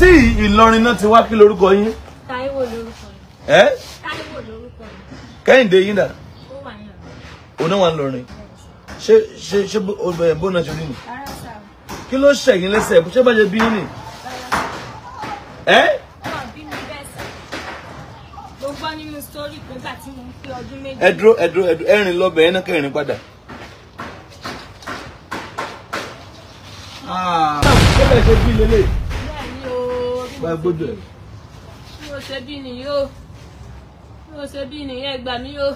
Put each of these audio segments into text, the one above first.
àǹtí Ìlọrin náà ti wá kí lorúkọ yín. Táíwò lorúkọ yín. ẹ. Táíwò lorúkọ yín. Kẹ́hìndé yín dà. ó wà ní Ìlọrin. òun náà wà ní Ìlọrin. ṣé ṣé ṣé bó náà ṣe rí ni. kí ló ṣẹ̀yìn lẹ́sẹ̀ ṣé bá ṣe bí yín ni. ẹ. ẹ dúró ẹ dúró ẹ dúró ẹrin lọbẹ ẹ náà kẹrin padà. Ah. Ṣé bẹ́ẹ̀ ṣe bí lélẹ̀? bá gbódò ẹ. mi ò ṣe bí nìyí o mi ò ṣe bí nìyí ẹ gbà mí o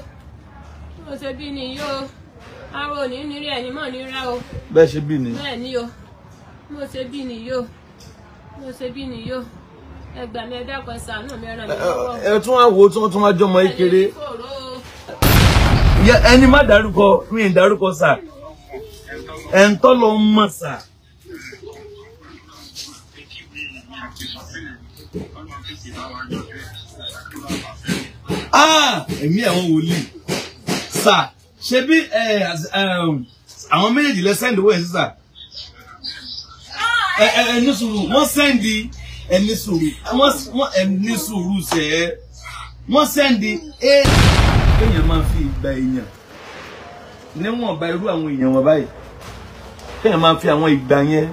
mi ò ṣe bí nìyí o ara ní nírí ẹ̀ ní mọ̀ nírá o. bẹ́ẹ̀ ṣe bí nìyí. bẹ́ẹ̀ ni o mi ò ṣe bí nìyí o mi ò ṣe bí nìyí o ẹ gbà mí ẹ dákun ẹ ṣàánú mi ràn mí lọ́wọ́. ẹ tún wá wo tí wọ́n tún wá jọmọ ékeré ẹni má dárúkọ mi ì dárúkọ sà ẹ̀ ń tọ́ lọ mọ̀ sà. Ah, ẹ̀mí àwọn wòlíì sà ṣe bí um, àwọn méjèèjì lẹ sẹ́ndì owó ẹ̀ sí sà ẹni sùúrù wọ́n sẹ́ndì ẹni sùúrù wọ́n ẹni sùúrù sẹ́ wọ́n sẹ́ndì ẹ̀ kéèyàn máa fi ìgbà èèyàn níwọ̀n ba irú àwọn èèyàn wọn báyìí kéèyàn máa fi àwọn ìgbà yẹn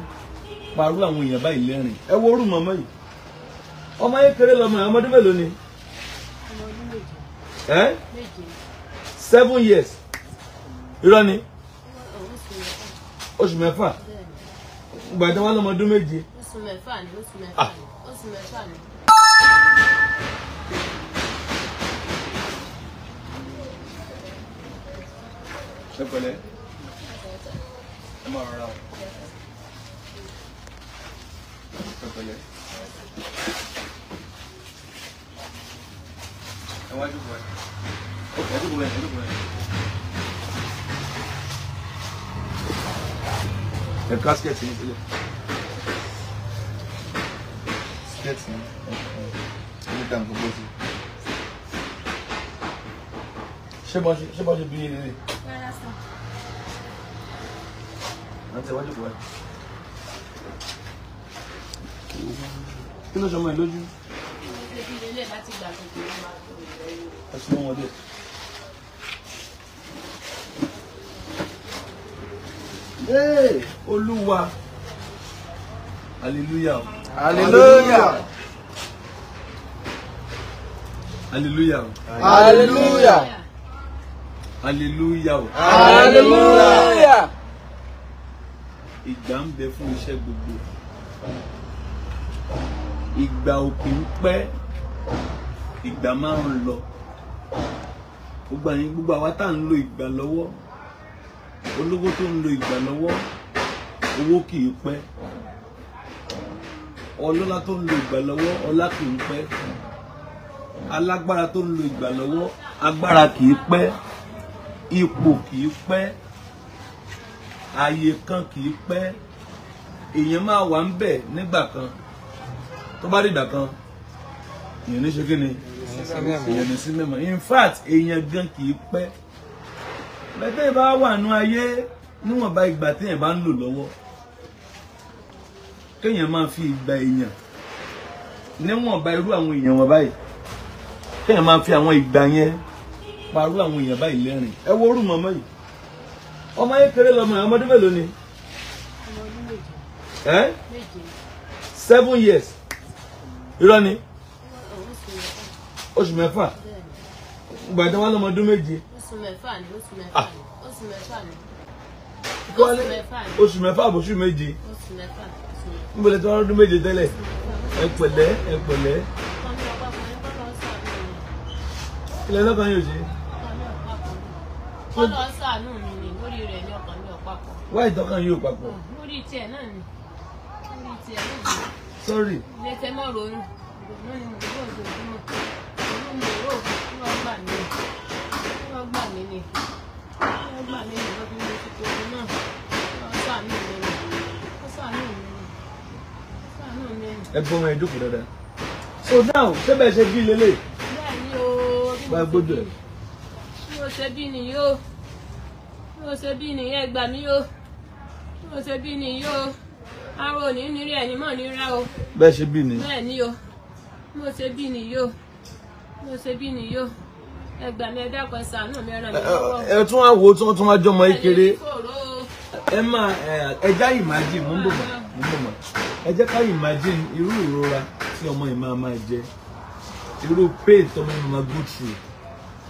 pa irú àwọn èèyàn báyìí lẹ́rìn ẹ wo orú mọ́mọ́ yìí ọmọ yẹn kéré lọmọ yẹn ọmọdún mélòó ni seven years irọ́ ni oṣù mẹ́fà gbàdá wọn lọmọdún méje oṣù mẹ́fà ni oṣù mẹ́fà ah. ni oṣù mẹ́fà ni. ṣe ẹ máa rọra o ṣe ẹ wá jókòó ẹ jókòó ẹ jókòó ẹ. ẹ ká skẹ́ẹ̀tì ní sílẹ̀ skẹ́ẹ̀tì ní ẹni tá nǹkan bọ́sí. ṣé bọ́ ṣe ṣé bọ́ ṣe bí yín nílé. wọ́n ti wá jókòó ẹ. kí ló ṣe ọmọ ẹ lójú. ìdílé láti gbà tó kéré ẹ̀sùn wọn dé. Ee Olúwa hallelujah hallelujah hallelujah hallelujah hallelujah hallelujah ìgbà ń bẹ fún iṣẹ́ gbogbo ìgbà òpin pẹ́ ìgbà máa ń lọ gbogbo àyìn gbogbo àwa tá à ń lo ìgbà lọ́wọ́ olówó tó ń lo ìgbà lọ́wọ́ owó kì í pẹ́ ọlọ́lá tó ń lo ìgbà lọ́wọ́ ọlá kì í pẹ́ alágbára tó ń lo ìgbà lọ́wọ́ agbára kì í pẹ́ ipò kì í pẹ́ ààyè kan kì í pẹ́ èèyàn máa wà ń bẹ̀ nígbà kan tó bá dìgbà kan èèyàn ní ṣe kí ni èèyàn ní sí mẹ́mọ̀ in fact èèyàn gan kì í pẹ́ bẹ́tẹ̀ bá wà nú ayé níwọ̀nba ìgbà téèyàn bá ń lò lọ́wọ́ kéèyàn máa fi ìgbà èèyàn níwọ̀nba irú àwọn èèyàn wọn báyìí kéèyàn máa fi àwọn ìgbà yẹn parú àwọn èèyàn báyìí lẹ́rìn ẹ wo orú mọ́mọ́ yìí ọmọ yẹn kéré lọmọ yẹn ọmọdún mélòó ni seven years irọ́ ni oṣù mẹ́fà ìgbà tí wọ́n lọ́mọ ọdún méje. oṣù mẹ́fà ni oṣù mẹ́fà ah. ni oṣù mẹ́fà ni oṣù mẹ́fà ni oṣù mẹ́fà oṣù méje oṣù mẹ́fà níbo lẹ tí wọ́n ọdún méje tẹ́lẹ̀ ẹ pẹ̀lẹ́ ẹ pẹ̀lẹ́ ilẹ̀ lọ́kàn yóò ṣe. kọ́lọ́ sàánú mi ni lórí rẹ̀ ní ọkàn mi ọ̀pápọ̀. wá ìtọ́kàn yóò papọ̀. Hmm, lórí tiẹ̀ náà ni lórí tiẹ̀ náà ni. sọ́ọ̀rì. lẹ́tẹ̀ mọ́ ronú ronú ni mo gbọ́dọ̀ mi ò kí wọ́n gbà mi ti tóbi so now ṣé bẹ́ẹ̀ ṣe bí lélẹ̀. bẹ́ẹ̀ni o bí mo ṣe bí nìyí o bí mo ṣe bí nìyí ẹ gbà mí o bí mo ṣe bí nìyí o ara ò ní nírí ẹ̀ ní mọ̀ níra o. bẹ́ẹ̀ ṣe bí ni. bẹ́ẹ̀ o bí mo ṣe bí nìyí o mo ṣe bí ẹ tún wá wo tí tún wá jọmọ yìí ẹ máa ẹ já imagine mo ń bọ̀ mo ń bọ̀ mọ́ ẹ jẹ́ ká imagine irú ìrora tí ọmọ yìí máa máa jẹ irú pain tọmọ yìí máa go through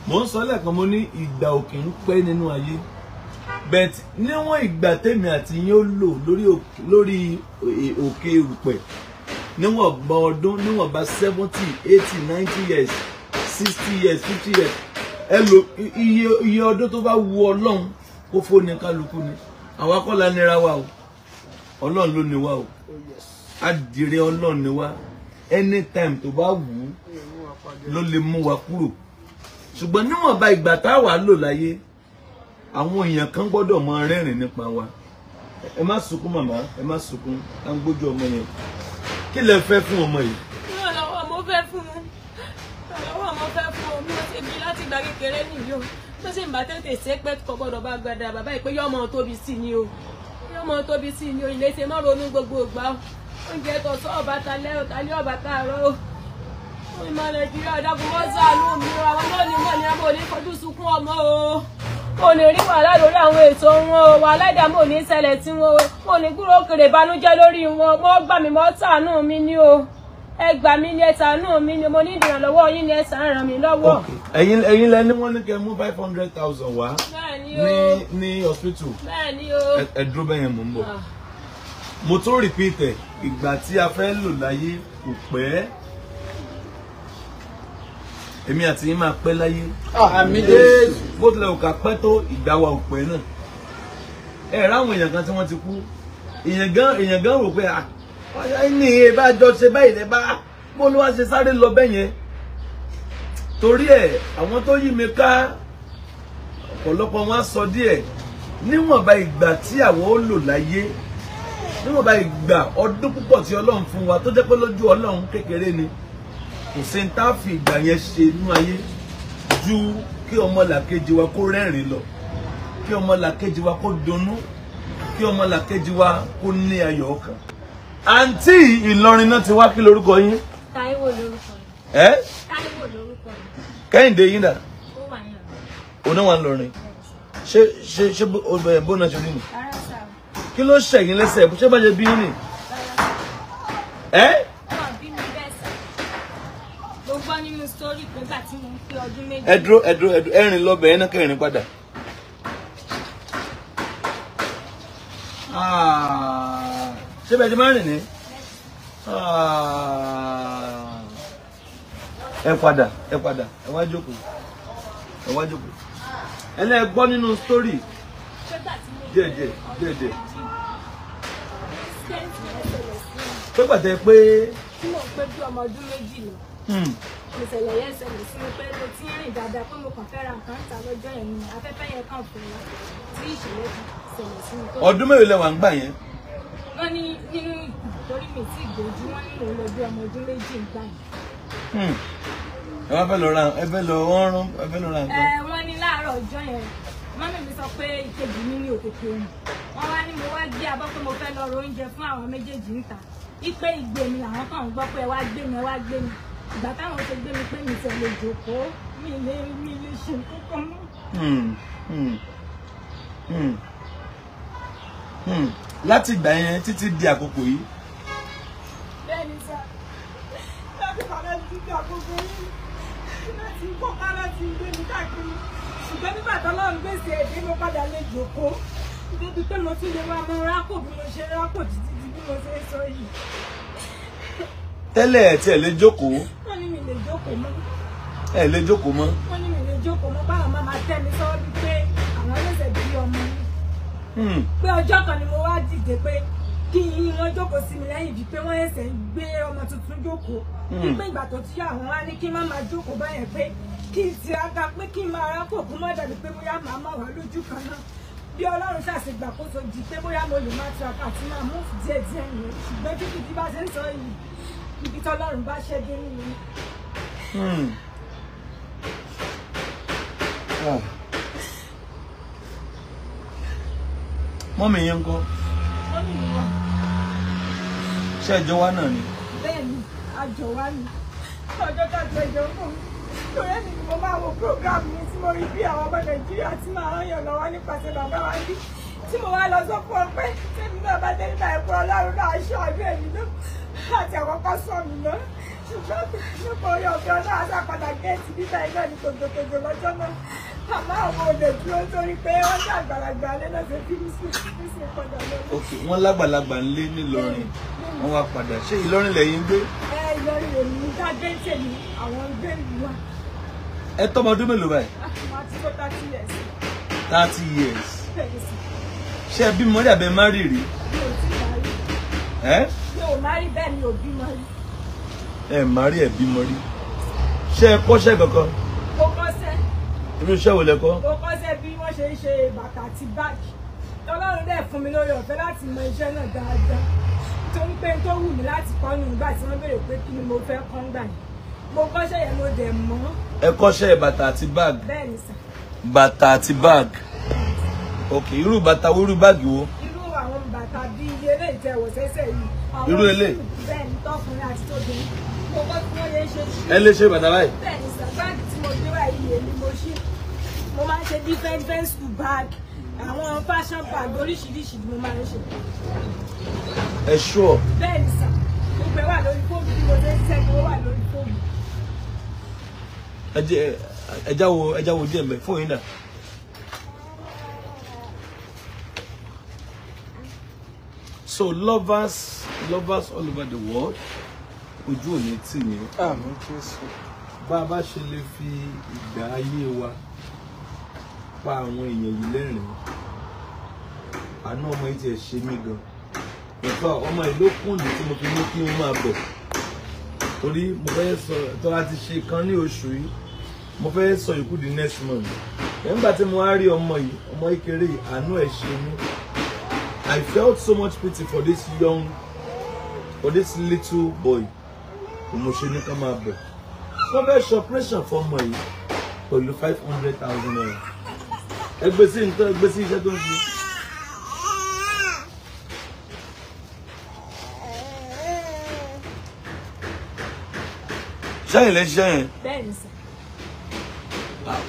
mo ń sọ lẹ́ẹ̀kan mo ní ìgbà òkè ń pẹ́ nínú ayé bet níwọ̀n ìgbà tèmi àti yín ó lò lórí òkè e, òpẹ̀ níwọ̀n ọgbọ̀n ọdún níwọ̀n bá seventy eighty ninety years sixty years fifty years ẹ lò iye iye ọdún tó bá wu ọlọ́run kó fóni kálukú ni àwa kọ́ la nira wa o ọlọ́run ló ni wa o adìrẹ ọlọ́run ni wa anytime tó bá wù ú ló lè mú wa kúrò ṣùgbọ́n níwọ̀nba ìgbà tá a wà lò láyé àwọn èèyàn kan gbọ́dọ̀ mọ rẹ́rìn nípa wa ẹ má sunkún màmá ẹ má sunkún à ń gbójú ọmọ yẹn kí lẹ fẹ́ fún ọmọ yìí. mo fẹ́ fún un níbi láti gba kékeré nìyí o tó sì ń bá tètè ṣe pé kò gbọdọ̀ bá gbadà bàbá yìí pé yọmọ tóbi sí ni o yọmọ tóbi sí ni o ilé ṣe mọ́ ronú gbogbo ìgbà o oúnjẹ tó sọ ọba ta lẹ́ ọ̀tá ní ọba ta àárọ̀ o fún ìmọ̀ nàìjíríà dákun wọ́n sàánú mi o àwọn náà ní mọ̀ ní abọ́ ní fojú sunkún ọmọ o kò ní rí wàhálà lórí àwọn ètò wọn o wàhálà ìdààmú ò ní ṣẹlẹ̀ tí wọn o kò ní kúrò kèrè ìbànújẹ́ lórí wọn mọ́ gbà mí mọ́ sàánú mi ni o ẹ gbà mí ní ẹ̀sà náà mi ni mo ní ìdìrànlọ́wọ́ yín ní ẹ̀sà ràn mí lọ́wọ́. ẹ̀yin ẹ̀yin lẹ ní wọ́n ní kẹ́ mú five hundred thousand wá ní ní hospital ẹ dúró bẹ́yẹn mò ń bọ̀ ah. mo tún repeat ìgbà tí a fẹ́ lò láyé kò pẹ́ èmi àti yín máa pẹ́ láyé ah, bó tilẹ̀ ò ká pẹ́ tó ìgbà wa ò pẹ́ náà ẹ̀ ráwọn èèyàn kan tí wọ́n ti kú èèyàn gan èèyàn gan rò pé ah, ní ìbájọ ṣe báyìí lẹ bá bó ló lo ṣe sáré lọ bẹ́ẹ̀ yẹn torí ẹ̀ àwọn tó yí mi ká ọ̀pọ̀lọpọ̀ wọn á sọ díẹ̀ níwọ̀nba ìgbà tí àwọn ó lò láyé níwọ̀nba ìgbà ọdún púpọ̀ tí ọlọ́run fún wa tó jẹ́ pé lójú ọlọ́run kékeré ni kò sí ní fi ìgbà yẹn ṣe inú ayé ju kí ọmọlàkejì wa kó rẹ́rìn lọ kí ọmọlàkejì wa kó dunnú kí ọmọlàkejì wa kó ní ayọ̀ ọkàn àǹtí ìlọrin náà ti wá kí lorúkọ yín. táíwò lorúkọ yín. ẹ. táíwò lorúkọ yín. kẹ́hìndé yín dà. ó wà ní ọ̀rọ̀. òun náà wà ń lọrin. ṣé ṣé ṣé obìnrin bó náà ṣe rí ni. kí ló ṣẹ̀yìn lẹ́sẹ̀ ṣé bá ṣe bí yín ni. ẹ. mo gbọ́ nínú sórí ìgbà tí mo ń fi ọdún méjì. ẹ dúró ẹ dúró ẹ rìn lọ bẹ̀ẹ́ náà kẹrin padà. Ah ṣé bẹ́ẹ̀ ti máa rìn ní. Ah. ẹ padà ẹ padà ẹ wá jókòó ẹ wá jókòó ẹ lẹ́ gbọ́ nínú sítórì díẹ̀díẹ̀ díẹ̀díẹ̀ pé pàtẹ pé. tí mo pé bí ọmọ ọdún méjì lọ ìṣẹ̀lẹ̀ hmm. yẹn ṣẹlẹ̀ sí mi pé mo ti ń rìn dáadáa pé mo kàn fẹ́ ra nǹkan níta lọ́jọ́ yẹn ni afẹ́fẹ́ yẹn kàn fún wa tí ìṣẹ̀lẹ̀ ṣẹlẹ̀ sí mi. ọdún mélòó lẹ wà yẹn wọ́n ní nínú ìtorí mi tí ìgbójú wọ́n ní mò ń lọ bí ọmọ ọdún méjì ń gbà yìí. Hmm. ẹ wá fẹ́ lọ ra ẹ fẹ́ lọ wọ́n rún ẹ fẹ́ lọ ra nǹkan. ẹ wọ́n ní láàárọ̀ ọjọ́ yẹn mọ́mí mi sọ pé ìkejì mi ní òkèkè òun wọ́n wá ní mo wá gbé abọ́ pé mo fẹ́ lọ ro oúnjẹ fún àwọn méjèèjì níta ipe ìgbé mi làwọn kan gbọ́ pé ẹ wá gbé mi ẹ wá gbé mi ìgbà táwọn ṣe gbé mi pé mi tẹ̀lé ìjókòó mi lè mi lè ṣe kókó mọ́. Hmm. Hmm láti ìgbà yẹn títí di àkókò yìí. bẹ́ẹ̀ni sá láti bàbá mi di àkókò yìí láti kópa láti gbé mi káàkiri ṣùgbọ́n nígbà tó lọ́run gbèsè èdè mo padà lè jòkó débi pé mo tún lè máa mọ rákò bí mo ṣe rákò títí di bí mo ṣe sọ yìí. tẹ́lẹ̀ ẹ̀ tí ẹ̀ lè jókòó. wọ́n ní mi lè jókòó mọ́. ẹ̀ lè jókòó mọ́. wọ́n ní mi lè jókòó mọ́ báwọn máa máa tẹ́ mi sọ́wọ́ bíi pé Hmm. pé ọjọ́ kan ni mo wá dìde pé kí yín wọn jókòó sí mi lẹ́yìn bíi pé wọ́n ẹsẹ̀ ń gbé ọmọ tuntun jókòó nígbà hmm. ìgbà tó ti yá àwọn wá ní kí má máa jókòó báyẹn pé kí n tiraka pé kí n máa rákò kó má dàbí pé bóyá màá máa wà lójú kan náà bí ọlọ́run ṣàṣe gbàkóso di pé bóyá mo lè máa tiraka àti máa mú díẹ̀ díẹ̀ nìyẹn ṣùgbọ́n bí bíbí bá ṣe ń sọ yìí ibi tọ́lọ́run bá ṣẹ́ dé nìyẹn. Hmm. Ah. mọ́mì yẹn ń kọ́. mọ́mì mi wà. ṣé ẹjọ́ wa náà ni. bẹ́ẹ̀ni àjọ wa ni ọjọ́ tá a ti ẹjọ́ ń bọ̀ torí ẹni ni mo máa wo program mi tí mo rí bí àwọn ọmọ nàìjíríà tí màá rán yàn lọ́wọ́ nípasẹ̀ bàbá wa bí tí mo wá lọ sọ fún ọ pé tèmi náà bá dé nígbà ẹ̀kọ́ ọlọ́run náà aṣọ àdúrà mi náà àti àwọn kọ́sọ̀ mi náà ṣùgbọ́n nípa orí ọ̀gá náà á sàpadà géètì níta iná ní tògbòtògbò lọ́jọ́ náà màmá àwọn olè dúró torí pé wọ́n ṣe àgbàlagbà alẹ́ náà ṣe fi mí lágbàlagbà ń lé nílọrin wọn wá padà ṣé ìlọrin lẹ́yìn gbé. ẹ tọ́mọ ọdún mélòó báyìí. thirty years. thirty years. ṣé ẹ bímọ rí àbẹ má rí rí. mi ò tí ì má rí. mi ò má rí bẹ́ẹ̀ mi ò bímọ rí ẹ má rí ẹbí mọ rí ṣé ẹ kọ́ṣẹ́ kankan. mo kọ́ṣẹ́. irú iṣẹ́ wo lẹ kọ́. mo kọ́ṣẹ́ bí wọ́n ṣe ń ṣe bàtà àti báàgì ọlọ́run dẹ̀ fún mi lórí ọ̀fẹ́ láti mọ iṣẹ́ náà dáadáa tó ń pé tó wù mí láti kọ́ nù nígbà tí wọ́n béèrè pé kí ni mo fẹ́ kọ́ ńgbà yẹn mo kọ́ṣẹ́ yẹn mo dẹ̀ mọ́. ẹ kọ́ṣẹ́ bàtà àti báàgì. bẹ́ẹ̀ni sà. bàtà àti báàgì. ok irú bàtà wo irú báàgì wo. irú àwọn bàtà bíi eléyìí tẹ wọ̀ sẹ́sẹ̀ yìí. irú eléyìí. bẹ́ẹ̀ni tọkùnrin àti tóbi ẹ lè ṣe bàtà báyìí. bẹ́ẹ̀ni sir báàgì tí mo gbé wá yìí èmi mo ṣe mo máa ń ṣe different different school bag àwọn fashion bag oríṣiríṣi ni mo máa ń ṣe. ẹ ṣọ. bẹ́ẹ̀ni sir gbogbo ẹ wà lórí fóònù bí mo ṣe ń ṣe wà lórí fóònù. ẹ jẹ ẹ jáwo ẹ jáwo díẹ̀ mẹ fóònù yìí náà. So lovers, lovers all over the world ojú òní tì ní. bá a bá ṣe lè fi ìgbà ayé wa pa àwọn èèyàn yìí lẹ́rìn-ín àánú ọmọ yìí tiẹ̀ ṣe mí gan nípa ọmọ yìí ló tí mo fi mú kí wọ́n máa bọ̀ torí mo fẹ́ sọ tọ́lá ti ṣe kan ní oṣù yìí mo fẹ́ sọ ìkú di next month nígbà tí mo wá rí ọmọ yìí ọmọ yìí kéré àánú ẹ̀ ṣe mí I felt so much pity for this young for this little boy mo ṣe ní ká máa bọ̀ wọ́n fẹ́ ṣe operation fọmọ yìí pẹ̀lú five hundred thousand naira ẹgbẹ́ sí nǹkan ẹgbẹ́ sí iṣẹ́ tó ń ṣe. sẹ́yìn lẹ́ ṣiṣẹ́ yẹn. bẹ́ẹ̀ni sà.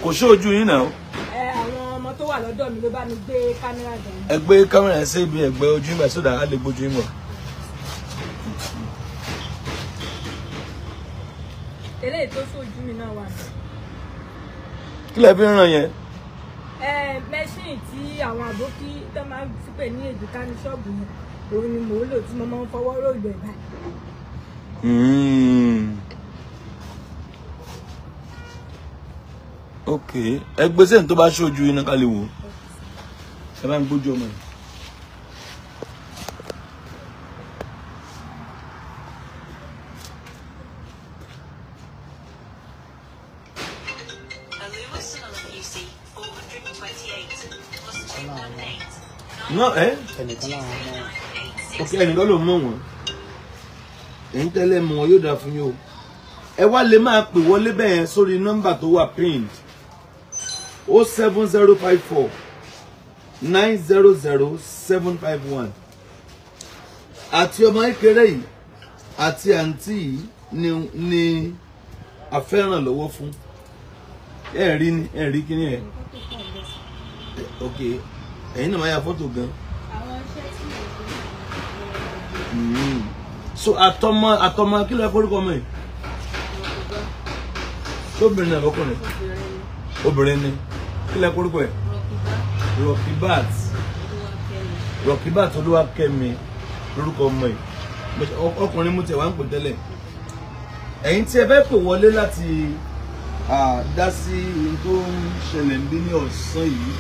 kò ṣe ojú yín náà. ẹ àwọn ọmọ tó wà lọ́dọ̀ mi ló bá mi gbé kámẹ́rà dání. ẹ gbé kámẹ́rà ẹ sí ibi ẹ̀gbẹ́ ojú yín sódà á lè gbójú yín eléyìí tó sójú mi náà wà. kí lẹ fi ń ràn yẹn. ẹ mẹ́ṣìn tí àwọn àbókí tó máa ń sípè ní èjìká ní ṣọ́ọ̀bù yẹn òun ni mò ń lò tí mo máa ń fọwọ́ rògbò ẹ̀ báyìí. Hmm. ok ẹ gbé sẹ́yìn tó bá ṣojú iná ká lè wò ẹ bá ń gbójú ọmọ yìí. mọ ẹ. ẹnìkan náà mọ wọn. ok ẹnìkan ló mọ wọn ẹ̀yin tẹ́lẹ̀ mọ wọn yóò dáa fún yín o ẹ wá lè máa pè wọlé bẹ́ẹ̀ sórí nọ́mbà tó o seven zero five four nine zero zero seven five one àti ọmọ ìkéré yìí àti àǹtí yìí ni ni àfẹ́ràn lo fún ẹ̀rí ni ẹ̀rí kí ni ẹ̀ ok ẹ̀yin náà máa ya fọ́tò gan. àwọn iṣẹ́ tí mo ṣe. Hmm. so àtọmọ àtọmọ kí ló yẹ kórìkọ mọ yìí. obìnrin náà lọkùnrin obìnrin ni kí ló yẹ kórìkọ ẹ. Rọkíbát Rọkíbát Olúwakẹ́mi lórúkọ ọmọ yìí ọkùnrin mú tẹ wá ń pè tẹ́lẹ̀ ẹ̀yin tí ẹ fẹ́ pè wọlé láti dá sí ohun tó ń ṣẹlẹ̀ ní ọ̀sán yìí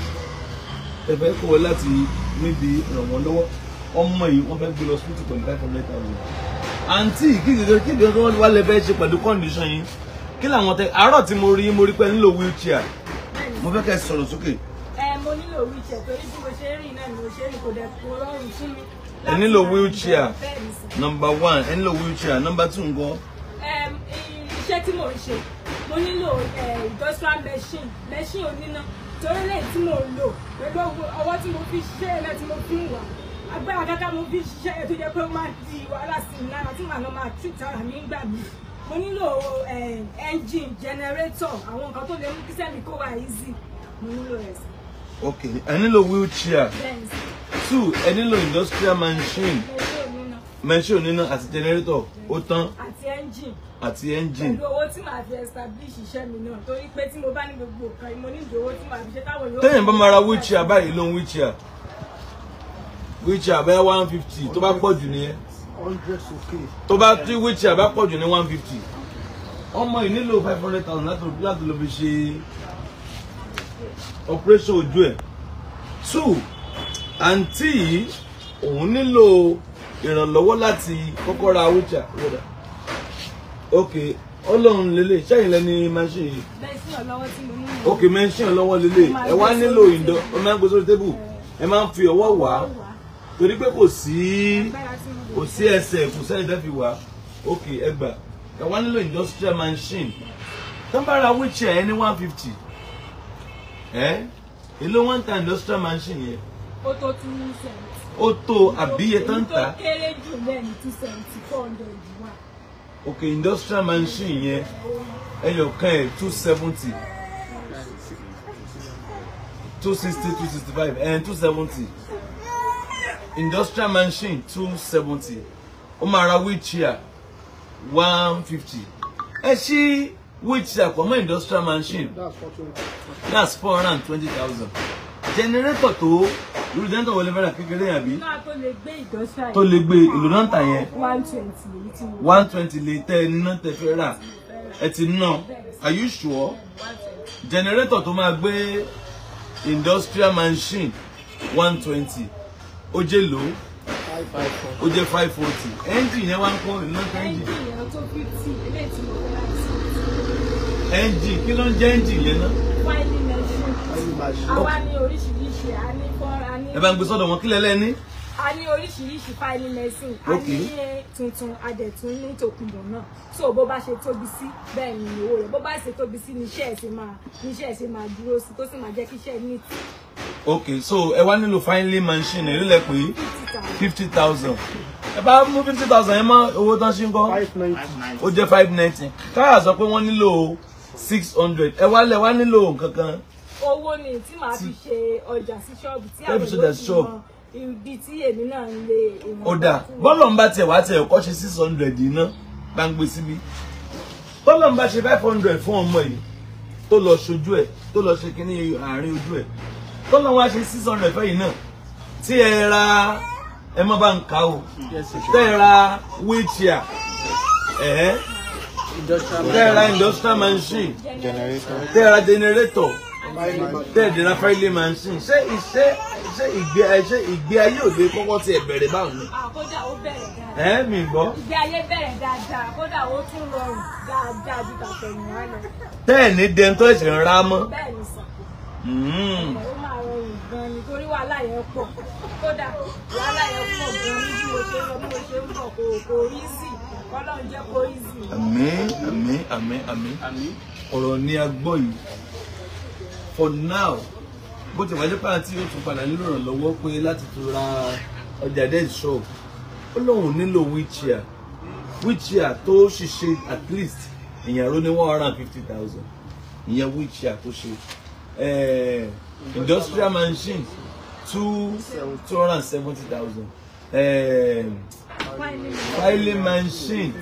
ẹ fẹ́ kó wọn láti níbi ìrànwọ́ lọ́wọ́ ọmọ yìí wọ́n fẹ́ gbé lọ síbítù pẹ̀lú five hundred thousand àǹtí kíkìkì kíkìkì wọn wá lẹ fẹ́ ṣe pẹ̀lú condition yìí kí làwọn tẹ àárọ̀ tí mo rí mo rí pé nílò wheelchair mo fẹ́ kẹ́ sọ̀rọ̀ sókè. ẹ mo nílò wheelchair torí bí mo ṣe rìn náà ni mo ṣe rìn kò dẹ̀ kó rọrùn fún mi. ẹ nílò wheelchair number one ẹ nílò wheelchair number two ńkọ́. iṣẹ́ tí mo ń ṣe mo nílò eh, industrial machine machine oníná torí lè tí mò lò pẹ̀lú ọwọ́ tí mo fi ṣe é lẹ́ mo fi ń wà agbára káká mo fi ṣiṣẹ́ ẹ tó jẹ́ pé ó máa di wàhálà sí mi lára tí màá lọ máa tú tara mi ń gbà mí mo nílò eh, engine generator àwọn nǹkan tó lè mú kí sẹ́mi kó wà easy mo nílò ẹ̀ sí. ok ẹ nílò wheelchair yes. two ẹ nílò industrial machine machine oníná àti generator ó tán àti engine àti engine. pẹ̀lú owó tí màá fi establish iṣẹ́ mi náà torí pé tí mo bá ní gbogbo nǹkan mo ní ìdí tí màá fi ṣe táwọn yóò. téèyàn bá máa ra wheelchair báyìí lóhun wheelchair wheelchair bẹ́ẹ̀ one fifty tó bá pọ̀ jù nìyẹn tó bá tí wheelchair bá pọ̀ jù ní one fifty ọmọ yìí nílò five hundred thousand láti lọ fi ṣe operation ojú ẹ̀ two àǹtí yìí òun nílò ìrànlọ́wọ́ láti kọ́kọ́ ra wheelchair ok ọlọ́run lélẹ̀ sẹ́yìn lẹ́ni machine yìí. ok mention lọ́wọ́ lélẹ̀ ẹ wá nílò ìdán ẹ máa ń gbé sórí tébù ẹ máa ń fi ọwọ́ wá torí pé kò sí kò sí ẹsẹ̀ kò sẹ́yìn tẹ́ fi wá ok ẹ gbà ẹ wá nílò industrial machine tọ́mbàrà wheelchair ẹni one fifty ẹ èló one time industrial machine yẹn. ó tó two cents. ó tó àbíyẹ tó ń ta. ó tó kéré jù lẹ́yìn two cents four hundred. Okay, industrial machine yẹn ẹyọkan ẹ two seventy two sixty two sixty five ẹ two seventy industrial machine two seventy ó máa ra wheelchair one fifty ẹ ṣí wheelchair pọ̀ mọ́ industrial machine that's four hundred and twenty thousand generator tó lórí jẹ́ńtọ̀ wọlé fẹ́ràn kékeré yẹn bí. tó lè gbé ìlú náà tà yẹn. one twenty lè tẹ ẹni náà tẹ fẹ́ rà ẹ ti ná are you sure generator tó máa gbé industrial machine one twenty ó jẹ́ lò ó ó jẹ́ five forty engine yẹn wá ń kọ́ ìlú náà tẹ engine. engine kí ló ń jẹ́ engine yẹn náà. wáyé ni machine àwa ní oríṣiríṣi a ní ẹ bá ń gbé sọ́dọ̀ wọn kílẹ̀ lẹ́ni. a ní oríṣiríṣi fáìlì lẹ́sìn a ní tuntun adẹ̀tún ní tòkùnbọ̀ náà so bó bá ṣe tóbi sí bẹ́ẹ̀ ni owó rẹ̀ bó bá ṣe tóbi sí ni iṣẹ́ ẹ̀ ṣe máa ni iṣẹ́ ẹ̀ ṣe máa dúró sí tó sì máa jẹ́ kí iṣẹ́ ní. ok so ẹ wá nílò fáìlì machine èlò lẹ pé fifty thousand ẹ bá mú fifty thousand yẹn mọ owó tán ṣe ń kọ́ ó jẹ́ five ninety káyà sọ pé wọ́n nílò six hundred ẹ wá lẹ wá nílò nǹkan owó ni tí màá fi ṣe ọjà sí ṣọ́ọ̀bù tí àwọn olóògùn mọ ibi tí èmi náà ń lé ìmọ̀. ó dà bọ́lọ̀ ń bá tiẹ̀ wá tiẹ̀ kọ́ ṣe six hundred iná gbangbe síbi bọ́lọ̀ ń bá ṣe five hundred fún ọmọ yìí tó lọ ṣojú ẹ̀ tó lọ ṣe kínní àárín ojú ẹ̀ bọ́lọ̀ wá ṣe six hundred fẹ́yìn náà tí ẹ ra ẹ mọ́ bá ń kà ó tẹ́ ẹ ra wheelchair ẹ̀ẹ́ tẹ́ ẹ ra industrial machine tẹ́ ẹ ra generator tẹ́ẹ̀dì rafael lehman sin ṣé iṣẹ́ ṣé ìgbé ṣé ìgbé ayé òde kọ́kọ́ ti ẹ̀ bẹ̀rẹ̀ báwọn ni. àkódà ah, ó bẹ̀rẹ̀ dáadáa. ẹ mi gbọ́. ìgbé ayé bẹ̀rẹ̀ dáadáa kódà o tún rọrùn dáadáa ju tàṣẹ ìwà lọ. tẹ́ẹ̀ni dẹ́ntọ́ ẹ̀sìn rárá mọ́. bẹ́ẹ̀ni sàn. ó hmm. máa rọrùn gan-an nítorí wàhálà yẹn pọ̀ kódà wàhálà yẹn pọ̀ gan-an bí mo ṣe lọ bí mo ṣe ń bọ̀ kò kò rí sí kọ́lọ́ jẹ́ kó rí sí. àmín àmín àmín àmín ni a gbọ́ yìí for now bó ti wájú pàrọ̀ tí yóò tún padà nílò ìrànlọ́wọ́ pé láti tún ra ọjà dead shop ó lóun nílò wheelchair wheelchair tó ṣiṣẹ́ at least ìyẹn ló ní one hundred and fifty thousand ìyẹn wheelchair tó ṣe eh, industrial machine two two hundred and seventy thousand eh, filing machine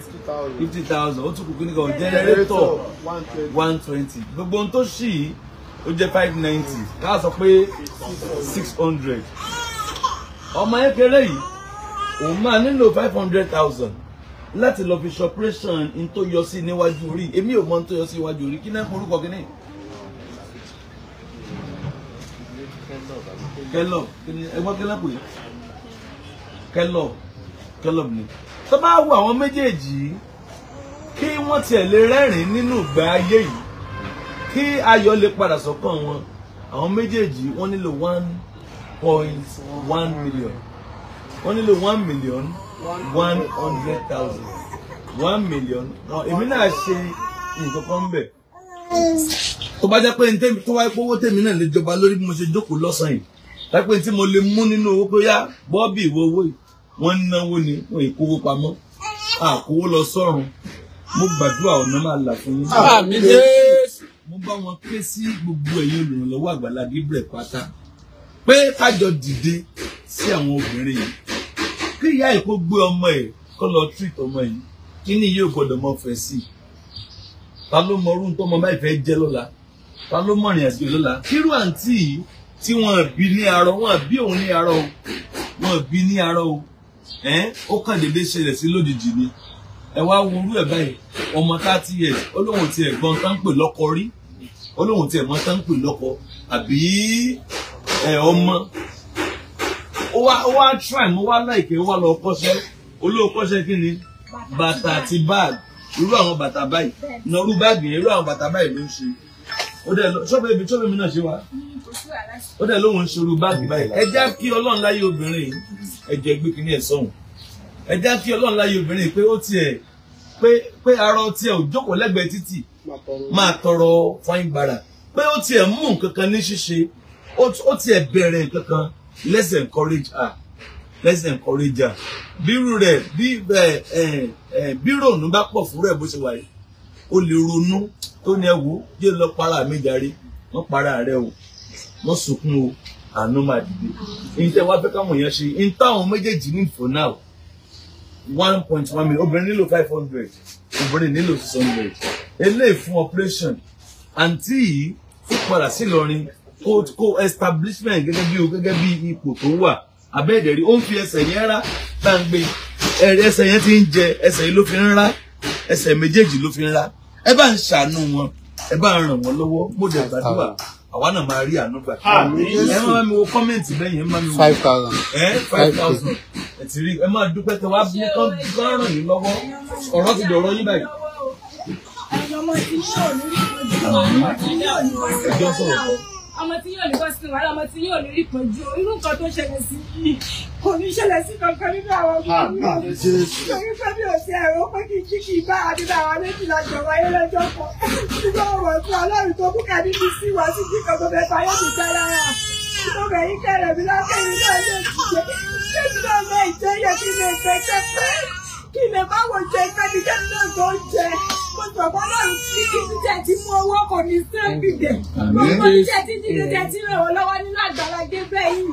fifty thousand ó tún kù kí ni kan generator one twenty gbogbo ohun tó ṣì yìí ó jẹ́ five ninety ká sọ pé six hundred ọmọ ẹkẹrẹ yìí òun máa nílò five hundred thousand láti lọ fi ṣọpẹ́rẹ́sàn ní tó yọ sí níwájú orí èmi ò mọ ní tó yọ sí iwájú orí kí náà kó orúkọ kínní. kẹlọ ẹgbọn kẹlọ pé kẹlọ kẹlọ ni tó bá wo àwọn méjèèjì kí wọ́n tiẹ̀ lè rẹ́rìn-ín nínú ìgbà ayé yìí kí ayọ̀ lè padà sọ́kàn wọn àwọn méjèèjì wọ́n nílò one point one million wọ́n nílò one million one hundred thousand one million èmi náà ṣe nǹkan kan bẹ̀ tó bá jẹ́ pé tó wáyé pé owó tèmi náà lè jọba lórí bí mo ṣe jókòó lọ́sàn-án yìí lápẹ́ tí mo lè mú nínú owó pé yá bọ́ọ̀bì ìwọ owó yìí wọ́n ń náwó ni wọ́n ìkówó pamọ́ àkówó lọ sọ́run mo gbàdúrà ọ̀nà máa là fún yín. àmín jẹ́ mo bá wọn ké sí gbogbo ẹ̀yin olùrànlọ́wọ́ Àgbàlá Gabriel pátá pé kájọ dìde sí àwọn obìnrin yìí kí ìyá ẹ̀ gbé ọmọ ẹ̀ kó lọ treat ọmọ yìí kí ni yóò gbọ́dọ̀ mọ fẹ́ sí i ta ló mọ orú ọmọ báyìí fẹ́ jẹ́ lọ́la ta ló mọ ìrìn àjò lọ́la kírú àǹtí yìí tí wọ́n bí ní arọ wọ́n bí òun ní arọ o wọ́n bí ní arọ o ẹ̀ ó kàn déédéé ṣẹlẹ̀ sí lójijì ni ẹ wá wo orú ẹ̀ báyìí ọmọ thirty years ó lóun ti ẹ̀gbọ́n tán pè lọ́kọ rí olóhùn tiẹ̀ mọ́ tán ń pè lọ́kọ àbí ẹ̀ ọmọ ó wá ó wá try mo wá láìpẹ́ ó wá lọ kọ́ṣẹ́ olóò kọ́ṣẹ́ kí ni bàtà àti báàgì irú àwọn bàtà báyìí nọrú báàgì yẹn irú àwọn bàtà báyìí ló ń ṣe ó dẹ̀ ṣọ́bẹ̀ ibi ṣọ́bẹ̀ mi náà ṣe wá ó dẹ̀ lóun ń ṣòro báàgì báyìí ẹ já kí ọlọ́run láyé obìnrin ẹ jẹ́ gbé kínní ẹ̀ sọ̀hún ẹ já kí ọlọ́run láyé obìnrin pé ó tiẹ̀ pé pé arọ tiẹ̀ ò jókòó lẹ́gbẹ̀ẹ́ títì máa tọrọ fine bara pé ó tiẹ̀ mú nǹkan kan ní ṣíṣe ó tiẹ̀ bẹ̀rẹ̀ nǹkan kan let's encourage her let's encourage her bírú rẹ̀ bí bí ròònù bá pọ̀ fún rẹ̀ bó ṣe wà yìí ó lè ronú tó ní ẹwò yóò lọ para mi jàre wọ́n para rẹ̀ o wọ́n sunkún o àánú máa dìde ìtẹ́ wá fẹ́ káwọn èèyàn ṣe ìtàwọn méjèèjì ní for now one point one million obìnrin nílò five hundred obìnrin nílò sunday eléyìí fún operation àǹtí yìí fún padà sí Ìlọrin kó kó establishment gẹ́gẹ́ bí gẹ́gẹ́ bí ipò tó wà abẹ́ẹ̀dẹ̀rí ó ń fi ẹsẹ̀ yẹn rá gbàǹgbé ẹsẹ̀ yẹn ti ń jẹ ẹsẹ̀ yìí ló fi ń rá ẹsẹ̀ méjèèjì ló fi ń rá ẹ bá ń ṣàánú wọn ẹ bá ń ràn wọn lọ́wọ́ mo dẹ̀ gbàdúrà àwa náà máa rí àánú gbà. ẹ máa mi wo kọ́mẹ̀ntì bẹ́yẹn ẹ máa mi wo. five thousand ẹ ti rí ẹ máa dúpẹ́ tẹ wá bí kán kán ràn yín lọ́wọ́ ọ̀rọ̀ ti dọ̀rọ̀ yín báyìí. ọmọ tí yóò ní kọ́sìtì wàhálà ọmọ tí yóò ní rí pọ̀jù irú nǹkan tó ṣẹlẹ̀ sí yìí kò ní ṣẹlẹ̀ sí kankan nínú àwọn ọmọ mi torí pé mi ò sí ẹ̀rọ pé kí n jí kí n bá àbí bá àwọn méjìlá jọ wáyé lọ́jọ́ kan ṣùgbọ́n ọ̀rọ̀ tí ọlọ́run tó kú ká níbi sí wá sí kíkan tó fẹ́ fayọ́ mi gbá lára ọbẹ̀ yìí kẹrẹ̀ mi lákẹ́mi náà lè jẹ́ kẹ́mi náà lè jẹ́ yẹ kí lè fẹ́ kẹ́fẹ́ kí lè má wò jẹ kẹ́mi kẹ́mi náà tó ń jẹ mo sọ fún ọlọ́run tí kí ní jẹ́ ti mú owó kò ní sẹ́ẹ̀bì dẹ̀ mo mọ ní jẹ́ ti ní jẹ́ ti ràn wọ́n lọ́wọ́ nínú àgbàlagé bẹ́ẹ̀ yìí.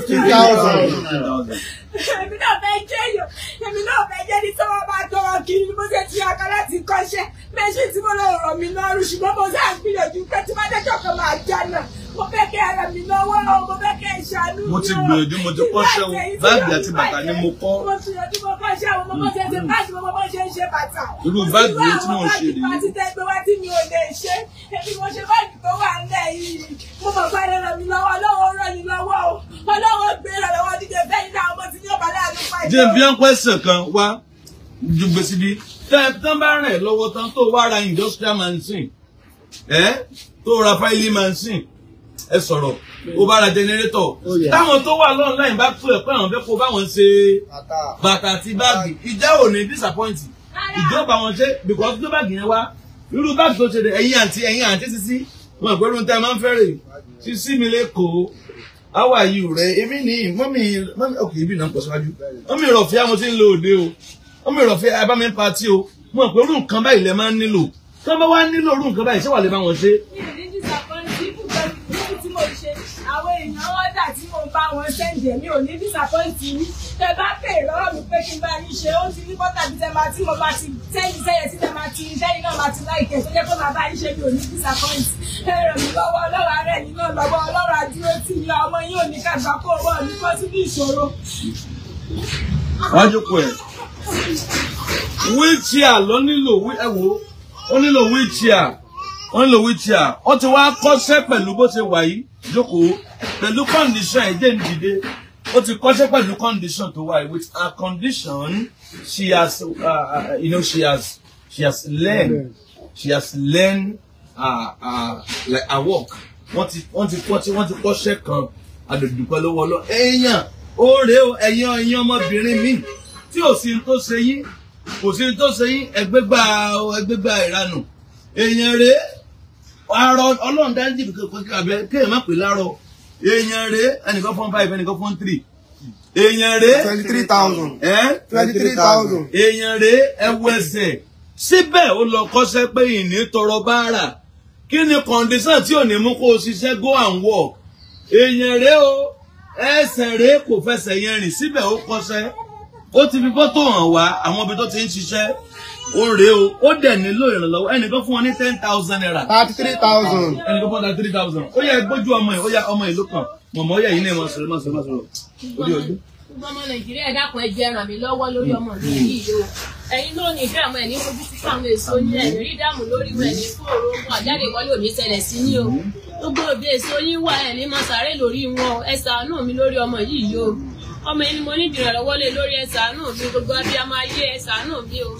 fifty thousand. èmi náà fẹ́ jẹ́ èèyàn èmi náà fẹ́ jẹ́ ní sọ́wọ́ bá tọrọ kiri ni mo ṣe ti ọkọ láti kọ́ṣẹ́ méjì tí mo lọ rọ̀ mí lọ́rùn ṣùgbọ́n mo sáà gbìyànjú pé tí mádẹ́jọ́ kan máa já náà mo fẹ́ kẹ́ ara mi lọ́wọ́ mo fẹ́ kẹ́ ìṣàánú mi. mo ti gbìyànjú mo ti kọ́ṣẹ́ o báàgì àti bàtà ni mo kọ́. mo ti gbìyànjú mo kọ́ṣẹ́ o mo mọ̀ ṣe jẹ́ bí wọ́n question kan wá dùgbò síbi tán bá rìn lọ́wọ́ tán tó wá ra industrial machine ẹ̀ tó ra filing machine ẹ sọ̀rọ̀ ó bá ra generator oh, táwọn tó wà online bá tó ẹ̀ pé àwọn fẹ́ kó báwọn ṣe bàtà àti báàgì ìjà ò ní disappoint ìjọba wọn ṣe because tó báàgì yẹn wá irú báàgì tó ṣe ẹ̀yìn àǹtí ẹ̀yìn àǹtí sísí wọn àgbẹ̀rún tá a máa ń fẹ́rẹ̀ sísí mi lẹ́kọ̀ọ́ how are you rẹ èmi ní mọ́mí mọ́mí ok ibi náà ń pọ̀ síwájú mọ́mí ìrọ̀fẹ́ àwọn tí ń lo òde o mọ́mí ìrọ̀fẹ́ abámi ń patí o mo pé orú nǹkan báyìí lẹ máa ń nílò tó bá wá nílò orú nǹkan báyìí ṣé wà lè bá wọn ṣe. mi ò ní dísàpọ̀ ní ibùdó tí mo ṣe àwọn èèyàn ọ̀dà tí bá wọn sẹ́ǹdì ẹ̀mí ò ní dísàpọ́ǹtì yìí tẹ bá pè lọ́rọ̀ mi pé kí n bá yín ṣe ó ti ní bọ́tà bí tẹ́lẹ̀ tí mo bá ti sẹ́yìn sẹ́yìn sí tẹ́lẹ̀ tí sẹ́yìn náà máa ti láìkẹ́ tó jẹ́ pé màá bá yín ṣe mi ò ní dísàpọ́ǹtì ẹ ràn mí lọ́wọ́ ọlọ́run arẹ́ yìí náà lọ́wọ́ ọlọ́run adúró tì yín ọmọ yín ò ní kàgbà kó owó ọ̀ní kó tún ní ìṣòro. wájú pẹ̀ wíìchìà ló nílò ẹ̀wò ó nílò wíìchìà wọ́n lò wíìtì à ó ti wá kọ́ṣẹ́ pẹ̀lú bó ṣe wà yìí jókòó pẹ̀lú condition ẹ̀jẹ̀ ń dìde ó ti kọ́ṣẹ́ pẹ̀lú condition tó wà yìí with her condition she has uh, uh, you know she has she has learned she has learned uh, uh, like her work wọ́n ti wọ́n ti kọ́ tí wọ́n ti kọ́ṣẹ́ kan àdòdùpẹ́ lọ́wọ́ lọ èèyàn ó rèé o ẹ̀yàn ẹ̀yàn ọmọbìnrin mi tí ò sí tó ṣe yín kò sí tó ṣe yín ẹgbẹ́gbà ẹgbẹ́gbà ìranù èèyàn rèé arọ ọlọ́run dáńjì kàbẹ kéèyàn má pè lárọ èèyàn rèé ẹnìkan fún five ẹnìkan fún three èèyàn rèé twenty three thousand twenty three thousand èèyàn rèé ẹwọ ẹsẹ̀ síbẹ̀ ó lọ kọ́ṣẹ́ pé ìní tọrọ báárà kí ni kọ̀ǹdíṣàn tí ò ní mú kó o ṣiṣẹ́ go and work èèyàn rèé o ẹsẹ̀ rèé kò fẹsẹ̀ yẹn rìn síbẹ̀ ó kọ́ṣẹ́ ó ti fi fọ́tò hàn wá àwọn ibi tó ti ń ṣiṣẹ́ ó rèé o ó dẹ̀ nílò ìrànlọ́wọ́ ẹnìkan fún wọn ní ten thousand naira. thirty three thousand. ẹnìkan fún wọn thirty three thousand. ó yẹ gbójú ọmọ yìí ó yẹ ọmọ yìí ló kàn mọ̀mọ́ ó yẹ yìí náà mọ̀ sọ̀rọ̀ mọ̀ sọ̀rọ̀ mọ̀ sọ̀rọ̀ orí ojú. ọmọ nàìjíríà ẹ dákun ẹ jẹ́ ràn mí lọ́wọ́ lórí ọmọ mi yìí o ẹ̀yin ló ní ìdààmú ẹ ní ojú títí àwọn èso ní ẹ rí dààmú lórí rẹ ní fòrò wọn àjáde ìwọlé òní ṣẹlẹ̀ sí ní o gbogbo òbí èso yín wà ẹ ní máa sáré lórí wọn ẹ ṣàánú mi lórí ọmọ yìí o ọmọ yìí ni mo ní ìdìrànlọ́wọ́ lé lórí ẹ ṣàánú mi gbogbo abiyamọ ayé ẹ ṣàánú mi o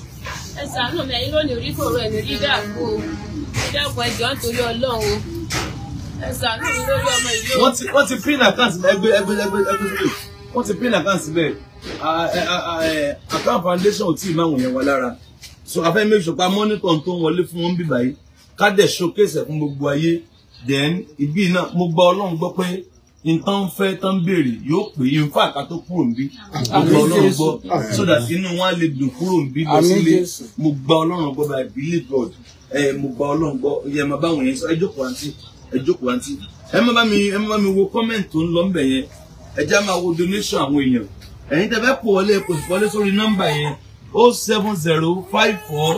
ẹ ṣàánú mi ẹ̀yin lónìí orí kòrò ẹ̀mí rí dàgbò o ẹ dẹ́kun ẹjọ́ nítorí ọlọ́run o ẹ ṣàánú mi lórí ọmọ ìlú. wọ́n ti pín àkáǹtì ẹgbẹ́ ẹgbẹ́ ẹgbẹ́ ẹgbẹ́ wọ́n ti pín àkáǹtì bẹ́ẹ̀ account foundation ò tí ì máa wọ̀nyẹn wá lára so a fẹ́ make sure pa monitor tó ń wọlé fún wọn bíbáyìí ká dẹ̀ showcase ẹ̀ fún gbogbo ayé then ìbí náà mo gba ọlọ́run gbọ́ pé nǹkan ń fẹ́ tán béèrè yóò pè é nfa ká tó kúrò ń bí àgbà ọlọ́run gbọ́ so that inú wọn á lè dùn kúrò ń bí lọ sílé mo gba ọlọ́run gbọ́ by believe God ẹ mo gba ọlọ́run gbọ́ yẹ máa báwọn yẹn sọ ẹ jókòó àǹtí ẹ jókòó àǹtí ẹ má bá mi ẹ má bá mi wo comment tó ń lọ ńbẹ yẹn ẹ já máa wo donation àwọn èèyàn ẹ̀yin tẹ́ fẹ́ pò wọlé kò sì wọlé sórí nọ́mbà yẹn o oh seven zero five four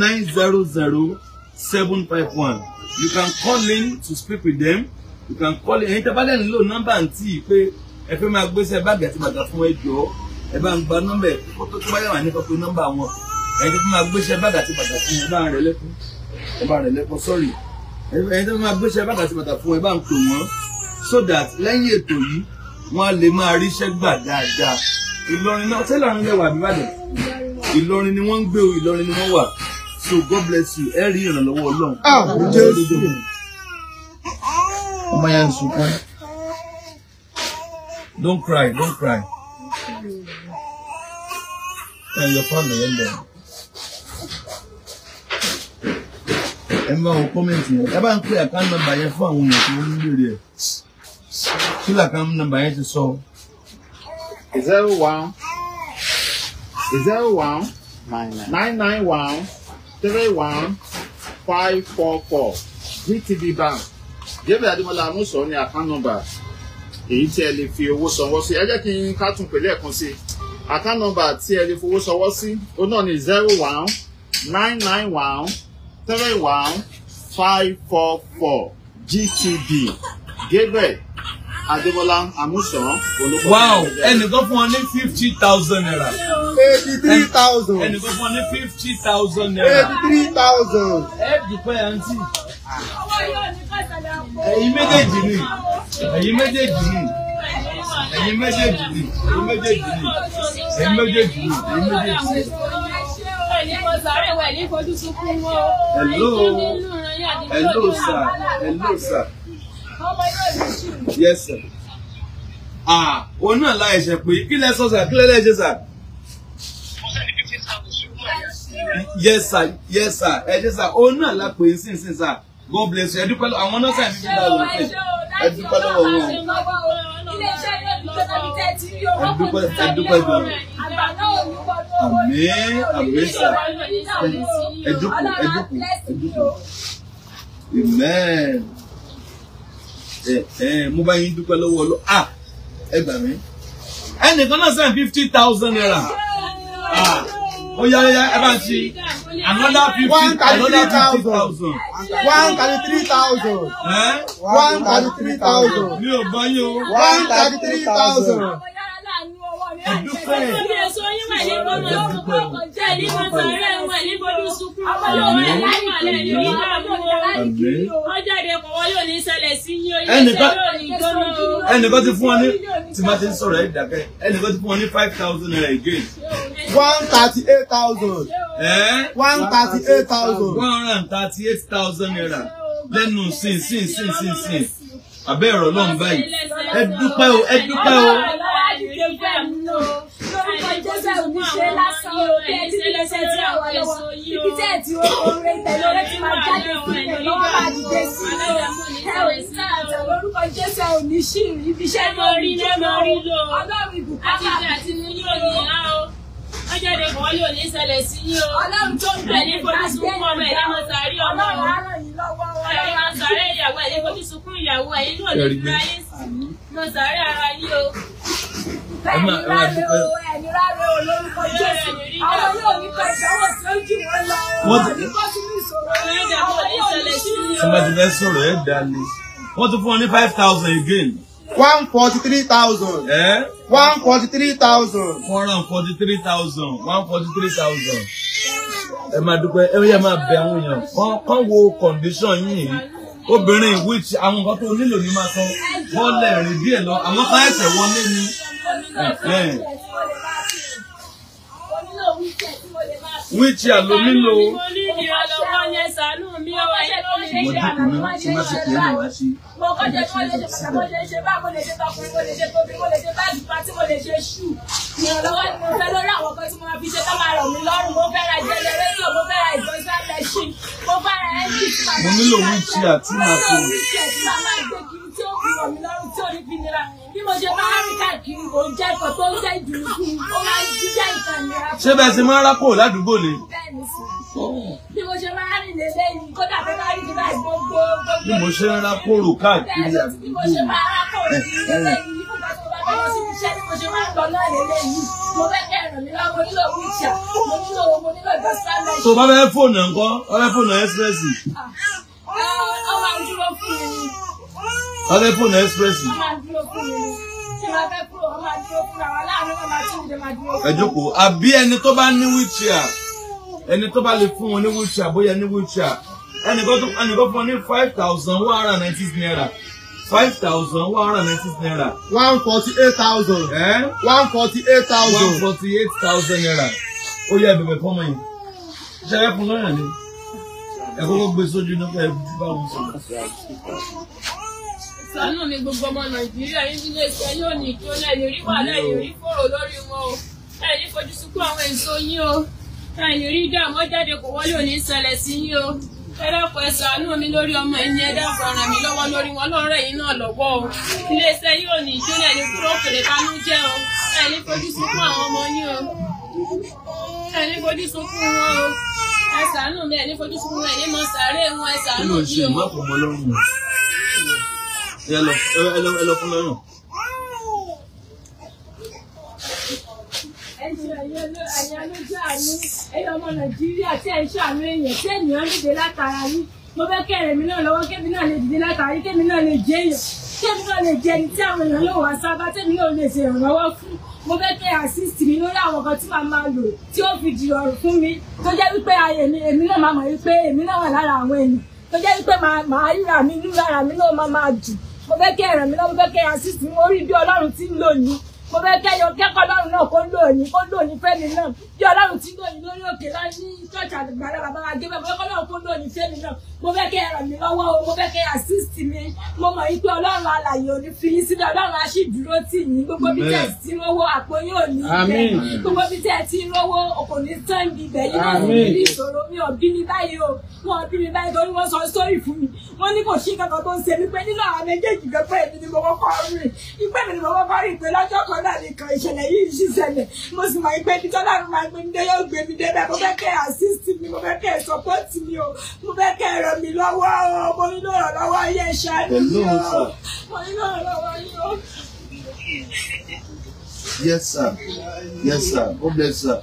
nine zero zero seven five one you can call in to speak with them you can call ẹ̀yin tẹ́ bá lẹ́ nílò nọ́mbà ntí pé ẹ fẹ́ máa gbéṣẹ́ báàgì àti bàtà fún ẹjọ́ ẹ bá ń gba nọ́mbà ẹ̀ kó tó tó bá yàrá nípa pé nọ́mbà wọn ẹ̀yin tẹ́ fẹ́ máa gbéṣẹ́ báàgì àti bàtà fún ẹ bá ń rẹ̀ lẹ́kún ẹ bá ń rẹ̀ lẹ́kún sorry ẹ̀yin tẹ́ fẹ́ máa gbéṣẹ́ báàgì àti bàtà fún ẹ bá ń pè wọ́n so that lẹ́yìn ètò yìí wọ́n á lè máa ríṣẹ́ gbà dáadáa Ìlọrin náà ṣé Ìlọrin lẹ́wà àbíbàdàn Ìlọrin ni wọ́n ń gbé wà so God bless you ẹ rí ìrànlọ́wọ́ Ọlọ́run. Ah, ọmọ yẹn don't cry don't cry And your fáànù yẹn lẹ ẹ máa comment here. yẹn ẹ bá ń pè àkáńtì nọ́mbà yẹn fún àwọn èèyàn tí wọ́n ń béèrè ẹ̀ kí làkáńtì nọ́mbà yẹn ti sọ. zero one zero one nine nine one three one five four four GTB bank. David Adémọ́lá Amúsọ ní account number èyí tí ẹ lè fi owó sanwó sí ẹ jẹ́ kí n ká tún pèlè ẹ̀kan sí account number tí ẹ lè fowó sanwó sí ó náà ní zero one nine nine one three one five four four GTB Gabriel Adébọ́lá Amúsàn olùkọ́. Wow! Ẹnìkan fún ọ ní fifty thousand naira. Eighty three thousand. Ẹnìkan fún ọ ní fifty thousand naira. Eighty three thousand. Ẹ dúpẹ́ àǹtí ẹ̀yin méjèèjì ni ẹ̀yin méjèèjì ni ẹ̀yin méjèèjì ni ẹ̀yin méjèèjì ni ẹ̀yin méjèèjì ni ẹ̀yin méjèèjì ni. Hello, hello, sir. Hello, sir. Yes, sir. Ah, òun náà láì ṣe pé kí lẹ sọ sà Yes, sir. Yes, sir. Ẹ ṣe sà. Òun náà la sir. God bless you. Ẹ dúpẹ́ lọ àwọn nọ́ọ̀sì àti fífi dáhùn ọ̀fẹ́. Ẹ dúpẹ́ lọ́wọ́ wọn. Ẹ dúpẹ́ ẹ dúpẹ́ lọ. Àmín àmín sà. Ẹ dúpẹ́ ẹ dúpẹ́ ẹ dúpẹ́. Amen. Ẹ ẹ mo bá yín dúpẹ́ lọ́wọ́ ọlọ́ à ẹ gbà mí. Ẹnìkan náà sàn fifty thousand naira ó yá yá ẹ another fifty thousand. one thirty three thousand. one thirty three thousand. mi ò gbọ́ yín one thirty three thousand láàánú ọwọ́ mi láti ẹgbẹ́ tó mi èso yín wà ní bọ́mọ sunkún jẹ́ ní bọ́tọ̀ rẹ̀ wà ní bọ́dún sunkún ọlọ́wọ́ rẹ̀ láyé alẹ́ ní ìgbà mú o wọ́n jáde kọ̀ wọ́n yóò ní ṣẹlẹ̀ sí yín oyè ṣẹ́ yóò ní gbọ́mọ o. ẹnìkan ti fún wọn ní tí má ti ń sọ̀rọ̀ ẹ̀ dàkẹ́ ẹnìkan ti fún wọn ní five thousand naira again. one thirty eight thousand. one thirty eight thousand. one hundred and thirty eight thousand naira lẹ́nu sin sin sin sin sin abẹ́ ọ̀rọ̀ lọ́n báyìí ẹ dúpẹ́ o ẹ dúpẹ́ o. Lórúkọ Jésù ẹ̀ òní ṣì rí ibi iṣẹ́ lórí lórí. Ọlọ́run ìbùkún àti àtinúyí òní á o ọjọ́de kan yóò ní ṣẹlẹ̀ sí yín o ọlọ́run tó ń bẹ̀ ní fojúsunkún ọmọ ẹ̀ ní mo sàárẹ̀ ọmọ ẹ̀ ẹ̀ máa sàárẹ̀ ìyàwó ẹ̀ ní fojúsunkún ìyàwó ẹ̀ inú òní fúnra yín sí mo sàárẹ̀ ara yín o. bẹ́ẹ̀ni rárẹ o ẹni rárẹ o lórúkọ jésù àwọn yóò ní kọ ìdánwò tí ó jì wọn lọ wọn ní kó tún ní ìṣòro àwọn yóò ní ṣẹlẹ̀ sí yín o. tí wọ́n ti fẹ́ sọ̀rọ̀ ẹ̀ dalẹ̀ wọ́n tún fún wọn ní five thousand again one forty three thousand. ẹ. Eh? one forty three thousand. Four hundred forty three thousand one forty three thousand. ẹ máa dúpẹ́ ẹ yẹ máa bẹ àwọn èèyàn kán kán wo condition yìí obìnrin which àwọn nǹkan tó nílò ní máa tán wọ́n lè rìn díẹ̀ lọ àwọn kan ẹ̀sẹ̀ wọlé ni. wíìchì àlòmílò ọmọ ṣe tó ń ṣe ṣe àná tó ń ṣe ṣe báyìí mo kọ́ jẹ́ kí wọ́n lè ṣe bàtà mo lè ṣe báyìí mo lè ṣe tọkùnrin mo lè ṣe tóbi mo lè ṣe báàgì pátí mo lè ṣe ṣù ìrànlọ́wọ́ ni mo fẹ́ lórí àwọn kan tí mo máa fi ṣe ká máa rọ̀ mí lọ́rùn mo fẹ́ ra jẹnẹrétọ̀ mo fẹ́ ra ìgbọ̀nsá mẹ́ṣin mo fẹ́ ra ẹ́ńjì tí màá fi ṣe mo nílò wíìchì àti màá fi bí mo ṣe máa ń káàkiri ṣé bẹ́ẹ̀ ṣe máa ń rákò ládùúgbò ni. bí mo ṣe máa ń rìn lélẹ́ yìí kódà pé máa ń rìn nígbà gbogbo bí mo ṣe ń rákòrò káàkiri àdúgbò. bí mo ṣe máa ń rákòrò eh, eh. lélẹ́ yìí kódà tó bá bẹ̀rẹ̀ sí iṣẹ́ bí mo ṣe máa ń lọ náà lélẹ́ yìí mo fẹ́ kẹ́ ẹ̀rọ mi lọ́wọ́ nílò wíṣà mo nílò mo nílò ìgbàsílẹ̀. tó bá fẹ́ fóònù ẹ̀ ń kọ́ bá fẹ́ fóònù ẹ̀ ẹ́ ọlẹ́ fóònù express. ẹ jókòó àbí ẹni tó bá ní wheelchair ẹni tó bá lè fún wọn ní wheelchair bóyá ní wheelchair ẹnìkan tó ẹnìkan fún ọ ní five thousand one hundred and ninety naira five thousand one hundred and ninety naira. one forty eight thousand. one forty eight thousand. one forty eight thousand naira. ó yẹ bẹ̀bẹ̀ fọmọ yìí ṣe é fún lọ́yàn ni ẹ kọ́kọ́ gbé sójú náà ẹ bá wọn sọ̀rọ̀ ṣàánú mi gbogbo ọmọ nàìjíríà yín nínú ẹsẹ yóò ní kí ó lẹ́yìn rí wà lẹ́yìn rí fòrò lórí wọn o ẹ̀yìn fojú sunkún àwọn èso yín o ẹ̀yìn rí dààmú jáde kò wọlé òní ṣẹlẹ̀ sí yín o ẹ dákun ẹ ṣàánú mi lórí ọmọ ẹni ẹ dákun ara mi lọ́wọ́ lórí wọn lọrọ ẹ̀yin náà lọ́wọ́ o iléeṣẹ́ yóò ní ìjọlẹ ní kúrò òkèrè kanú jẹ o ẹ̀yìn fojú sunkún àwọn ọmọ yín o ẹ̀yìn fojú sunkún wọn o ẹ ṣàánú mi ẹ̀yìn fojú sunkún wọn ẹ̀yìn mọ sàárè wọn ẹ ṣàánú mi o ẹ lọ ẹ lọ ẹ lọ fún lọ́rùn. mo fẹ́ kẹ́rẹ̀ assist mi lórí àwọn kan tí màá máa lò tí ó fi di ọrùn fún mi tó jẹ́ wípé èmi náà máa mọ̀ wípé èmi náà wà lára àwọn èèyàn tó jẹ́ wípé màá ríra mi nínú lára mi náà máa máa dùn mo fẹ́ kẹ́ ẹ̀ràn mi lọ́wọ́ fẹ́ kẹ́ assist mi mo rí bí ọlọ́run ti ń lò ní mo fẹ́ kẹ́yọ kẹ́kọ̀ọ́ ọlọ́run náà kó lò ní kó lò ní fẹ́mi náà bí ọlọ́run ti lò ní lórí òkè lọ ní ṣọ́ọ̀ṣì àgbàlá bàbá wa gébẹ̀ mo fẹ́ kọ́ lò ní fẹ́mi náà mo fẹ́ kẹ́ ràn mí lọ́wọ́ o mo fẹ́ kẹ́ assist mi mo mọ̀ yí pé ọlọ́run alàyè fi yín sílẹ̀ ọlọ́run á sì tì yín gbogbo bí tẹ̀ sí rówó àpò yín ò ní gbogbo bí tẹ̀ sí rówó kò ní tán ibẹ̀ yín náà ní ìṣòro mi ò mi báyìí o wọn bí mi báyìí torí wọ́n sọ sórí fún mi wọ́n ní tọ́lá nìkan ìṣẹ̀lẹ̀ yìí ṣì mo sì mọ̀ pé ní tọ́lá mi máa gbé mi dé yóò gbé mi dé bẹ́ẹ̀ mo fẹ́ kẹ́ assist mi mo fẹ́ kẹ́ support mi o mo fẹ́ kẹ́ ràn mí lọ́wọ́ o mo nílò ìrànlọ́wọ́ ayé ṣáájú mi o mo nílò ìrànlọ́wọ́ yìí o. Yes, sir. Yes, sir. God bless, sir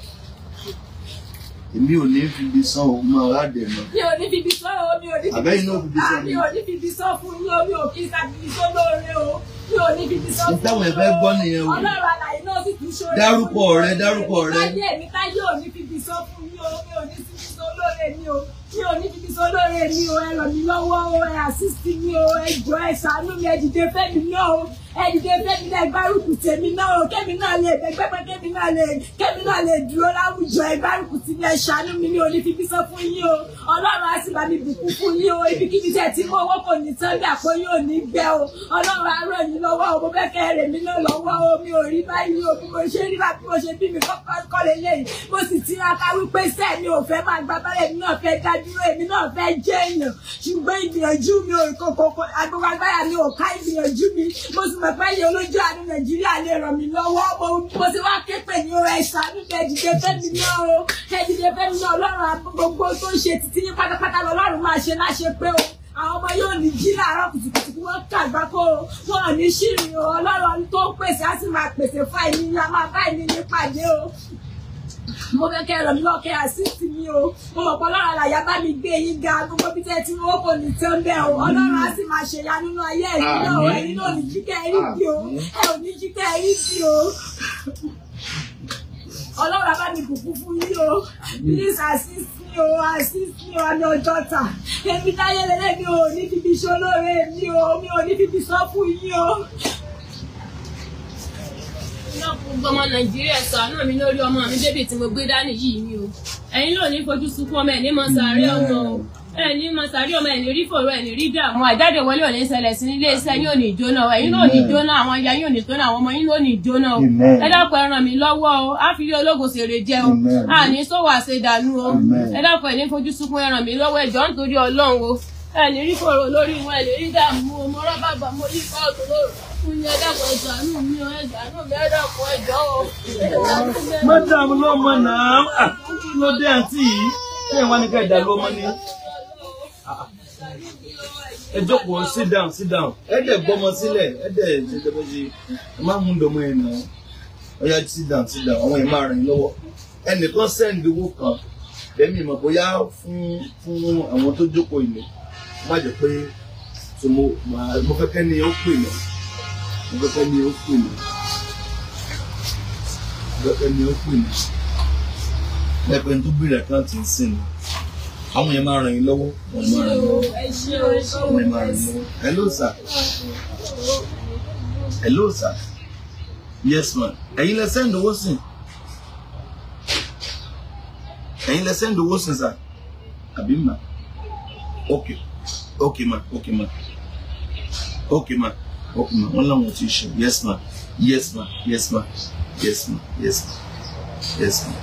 èmi ò ní fi bí sán o máa wá dẹ̀ mọ́. mi ò ní fi bí sán o mi ò ní fi bí sán. o náà fi bí sán ah, mi. mi ò ní fi bí sán fún yín o mi ò kí n sábìbí sán lóore o mi ò ní fi bí sán fún yín o. ìtàwọn ẹ̀fẹ́ gbọ́ nìyẹn o. ọlọ́run àlàyé náà sì tún ṣó. dárúkọ rẹ dárúkọ rẹ. táyé mi táyé ò ní fi bí sán fún yín o mi ò ní fi bí sán lóore mi o mi ò ní fi bí sán lóore mi o ẹ ràn mí lọ́wọ́ o ẹ assist mi o ẹ jọ ẹ ṣàánú mi ẹ dìde fẹ́ mi náà o ẹ̀dìdè fẹ́dílẹ̀ ìgbárùkù tèmi náà o kémi náà lè bẹ̀gbẹ́ pé kémi náà lè kémi náà lè dúró láwùjọ ìgbárùkù tí ilẹ̀ ṣàánú mi ní onífífi sọ fún yín o ọlọ́run á sì bá mi bùkún fún yín o ibikíbi tẹ̀ tí mo wọ́ kò ní tán bí àpò yóò ní gbẹ o ọlọ́run arọ yìí lọ́wọ́ o mo fẹ́ kẹ́ rè mí náà lọ́wọ́ o mi ò rí báyìí o bí mo ṣe rí bàbí mo ṣe bí mi kọ́kọ́ lélẹ́yìn mo sì tiraka wípé sẹ́ẹ̀ mi ò fẹ́ máa gba bẹ́rẹ̀ mi náà fẹ́ dá dúró èmi náà fẹ́ jẹ́ èèyàn ṣùgbọ́n ìgbìyànjú mi pẹ̀pẹ́ yìí olójú àánú nàìjíríà lè ràn mí lọ́wọ́ mo mo ti wá képè ní ọ̀rọ̀ ẹ̀sán nípa ẹ̀dìdẹ fẹ́mi náà o ẹ̀dìdẹ fẹ́mi náà ọlọ́run gbogbo tó ń ṣe títí ní pátápátá lọ́lọ́run máa ṣe láṣẹ pé o àwọn ọmọ yóò ní jí láàárọ̀ kùtùkùtù kí wọ́n kàgbá kó wọn ní ṣìrìn o ọlọ́run tó pèsè á sì máa pèsè fún ẹ̀yìn ni a máa bá ẹ̀yìn mo fẹ́ kẹ́ ràn mí lọ́wọ́ kẹ́ àṣìṣì mi o mo mọ̀ pé ọlọ́run àlàyé bá mi gbé yín ga gbogbo bí tẹ́ ti rówó kò ní tán bẹ́ẹ̀ o ọlọ́run á sì máa ṣèyá nínú ayé ẹ̀yin náà o ẹ̀yin náà ò ní rí bí o ọlọ́run bá mi bùkún fún yín o please assist mi o assist mi o àmì ọjọ́ ta táyé lẹ́lẹ́ mi ò ní fi fi ṣolóore mi o mi ò ní fi fi sọ́ fún yín o gbogbo ọmọ nàìjíríà ṣàánú mi lórí ọmọ mi bébì tí mo gbé dání yìí ni o ẹ̀yin ló ní fojú sunkún ọmọ ẹ̀ ní mọ sàárẹ̀ ọmọ o ẹ̀ ní mọ sàárẹ̀ ọmọ ẹ̀ ní rí fòrò ẹ̀ ní rí dààmú àjáde wọlé òní ṣẹlẹ̀ sí nílé iṣẹ́ yóò ní jóná ẹ̀yin ló ní jóná àwọn ìyá yóò ní jóná àwọn ọmọ yín ló ní jóná o ẹ dákun ẹ ràn mí lọ́wọ́ o á fi rí ológo ṣèrè jẹ o a ní sówó àṣedànù o ẹ dákun ẹ ní fojú sunkún ẹ ràn mí lọ́wọ́ ẹ jọ̀ọ́ nítorí Ọlọ́run o ẹ ní rí fòrò lórí wọn ẹ ní rí dààmú o mo rọ́ bàbá mo yí fọ́ọ̀tù lóru Madam lọ́mọ náà ah, kí ló dé àǹtí yìí ṣé ìwọ́n ní ká ìdá lọ́mọ ni. Ah, ah. Ẹ jókòó sit down sit down ẹ dẹ̀ gbọ́mọ sílẹ̀ ẹ dẹ̀ ṣẹ̀dẹ̀bọ̀ ṣe ẹ má mú dọmọ yẹn náà ó yá sit down sit down àwọn yẹn máa ràn yín lọ́wọ́ ẹnìkan send owó kan lẹ́mí ìmọ̀ bóyá fún fún àwọn tó jókòó ìlú má jẹ́ pé mo fẹ́ kẹ́ni ó pè náà nǹkan ni ó pè mí nǹkan ni ó pè mí lẹ́pẹ́ tó bèrè àkáǹtì ń sìn mí àwọn yẹn máa ràn yín lọ́wọ́ wọ́n máa ràn yín lọ́wọ́ wọ́n yẹn máa ràn yín lọ́wọ́ hello sir hello sir yes ma ẹ̀yin lẹ sẹ́ǹdì owó sìn ẹ̀yin lẹ sẹ́ǹdì owó sìn sir àbí ma ok ok ma ok ma ok Okay, ma wọn làwọn ti ṣe yes ma yes ma yes ma yes ma yes ma yes ma.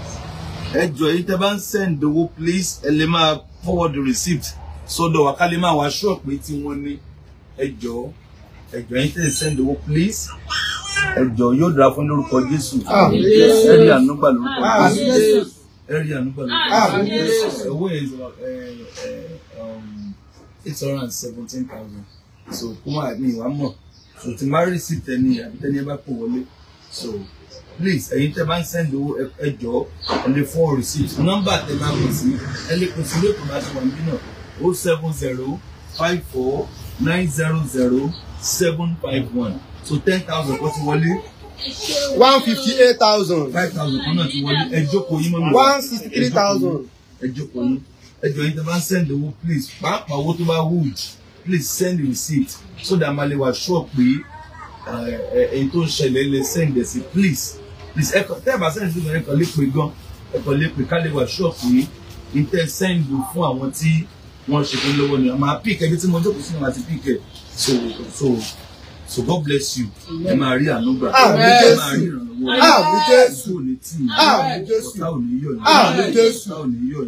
ẹ jọ yìí tẹ bá ń send owó please ẹ lè máa forward the receipt sọ́dọ̀ wa ká lè máa wá ṣọọpù tí wọn ní ẹ jọ ẹ jọ yìí tẹ ń send owó please ẹ jọ yóò dára fún lórúkọ Jésù ẹ rí ànúgbà lórúkọ Jésù ẹ rí ànúgbà lórúkọ Jésù owó yẹn eh, eh, um, eight hundred and seventeen thousand so kó má mi ìwà mọ̀ so tí má rí sí tẹni àbí tẹni ẹ bá kó wọlé so please ẹ̀yin tẹ́ bá ń send owó ẹ jọ ẹ lè fún receipt nọ́mbà tẹ́ bá pè sí ẹ lè pè sí ilé ìkọlá tó wà níbí náà o oh seven zero five four nine zero zero seven five one so ten thousand kọ́ ti wọlé one fifty eight thousand. five thousand kan náà ti wọlé ẹ jókòó yín mọ́mọ́. one sixty three thousand. ẹ jókòó yín ẹ jọ yín tẹ́ bá ń send owó please pàápàá owó tó bá wúùjì please send receipt so that ma lè wà sure pé èyí eh, eh, tó ń ṣẹlẹ̀ lè send ẹ̀ sí please please ẹ̀kọ́ tẹ́ ẹ̀ bá send receipt ẹ̀kọ́ lè pè gan ẹ̀kọ́ lè pè ká lè wà sure pé n tẹ́ send fún àwọn tí wọ́n ṣe fún lọ́wọ́ ni màá pick ẹbí tí mo jókòó sínú àti pick ẹ̀ so so so God bless you ẹ máa rí ànúgbà ẹ máa rí ìrànlọ́wọ́ àmì jésù àmì jésù àmì jésù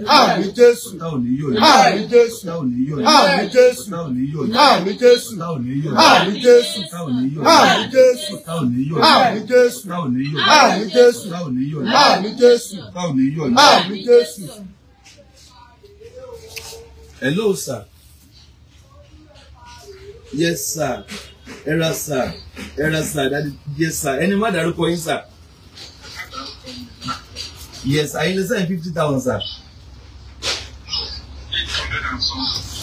àmì jésù àmì jésù àmì jésù àmì jésù àmì jésù àmì jésù àmì jésù àmì jésù àmì jésù àmì jésù. Hello, sir. Yes, sir ẹ ra sà ẹ ra sà dáàdi yẹ sà ẹni má dárúkọ yín sà yes àyìn lè sẹ́yìn fifty thousand sà.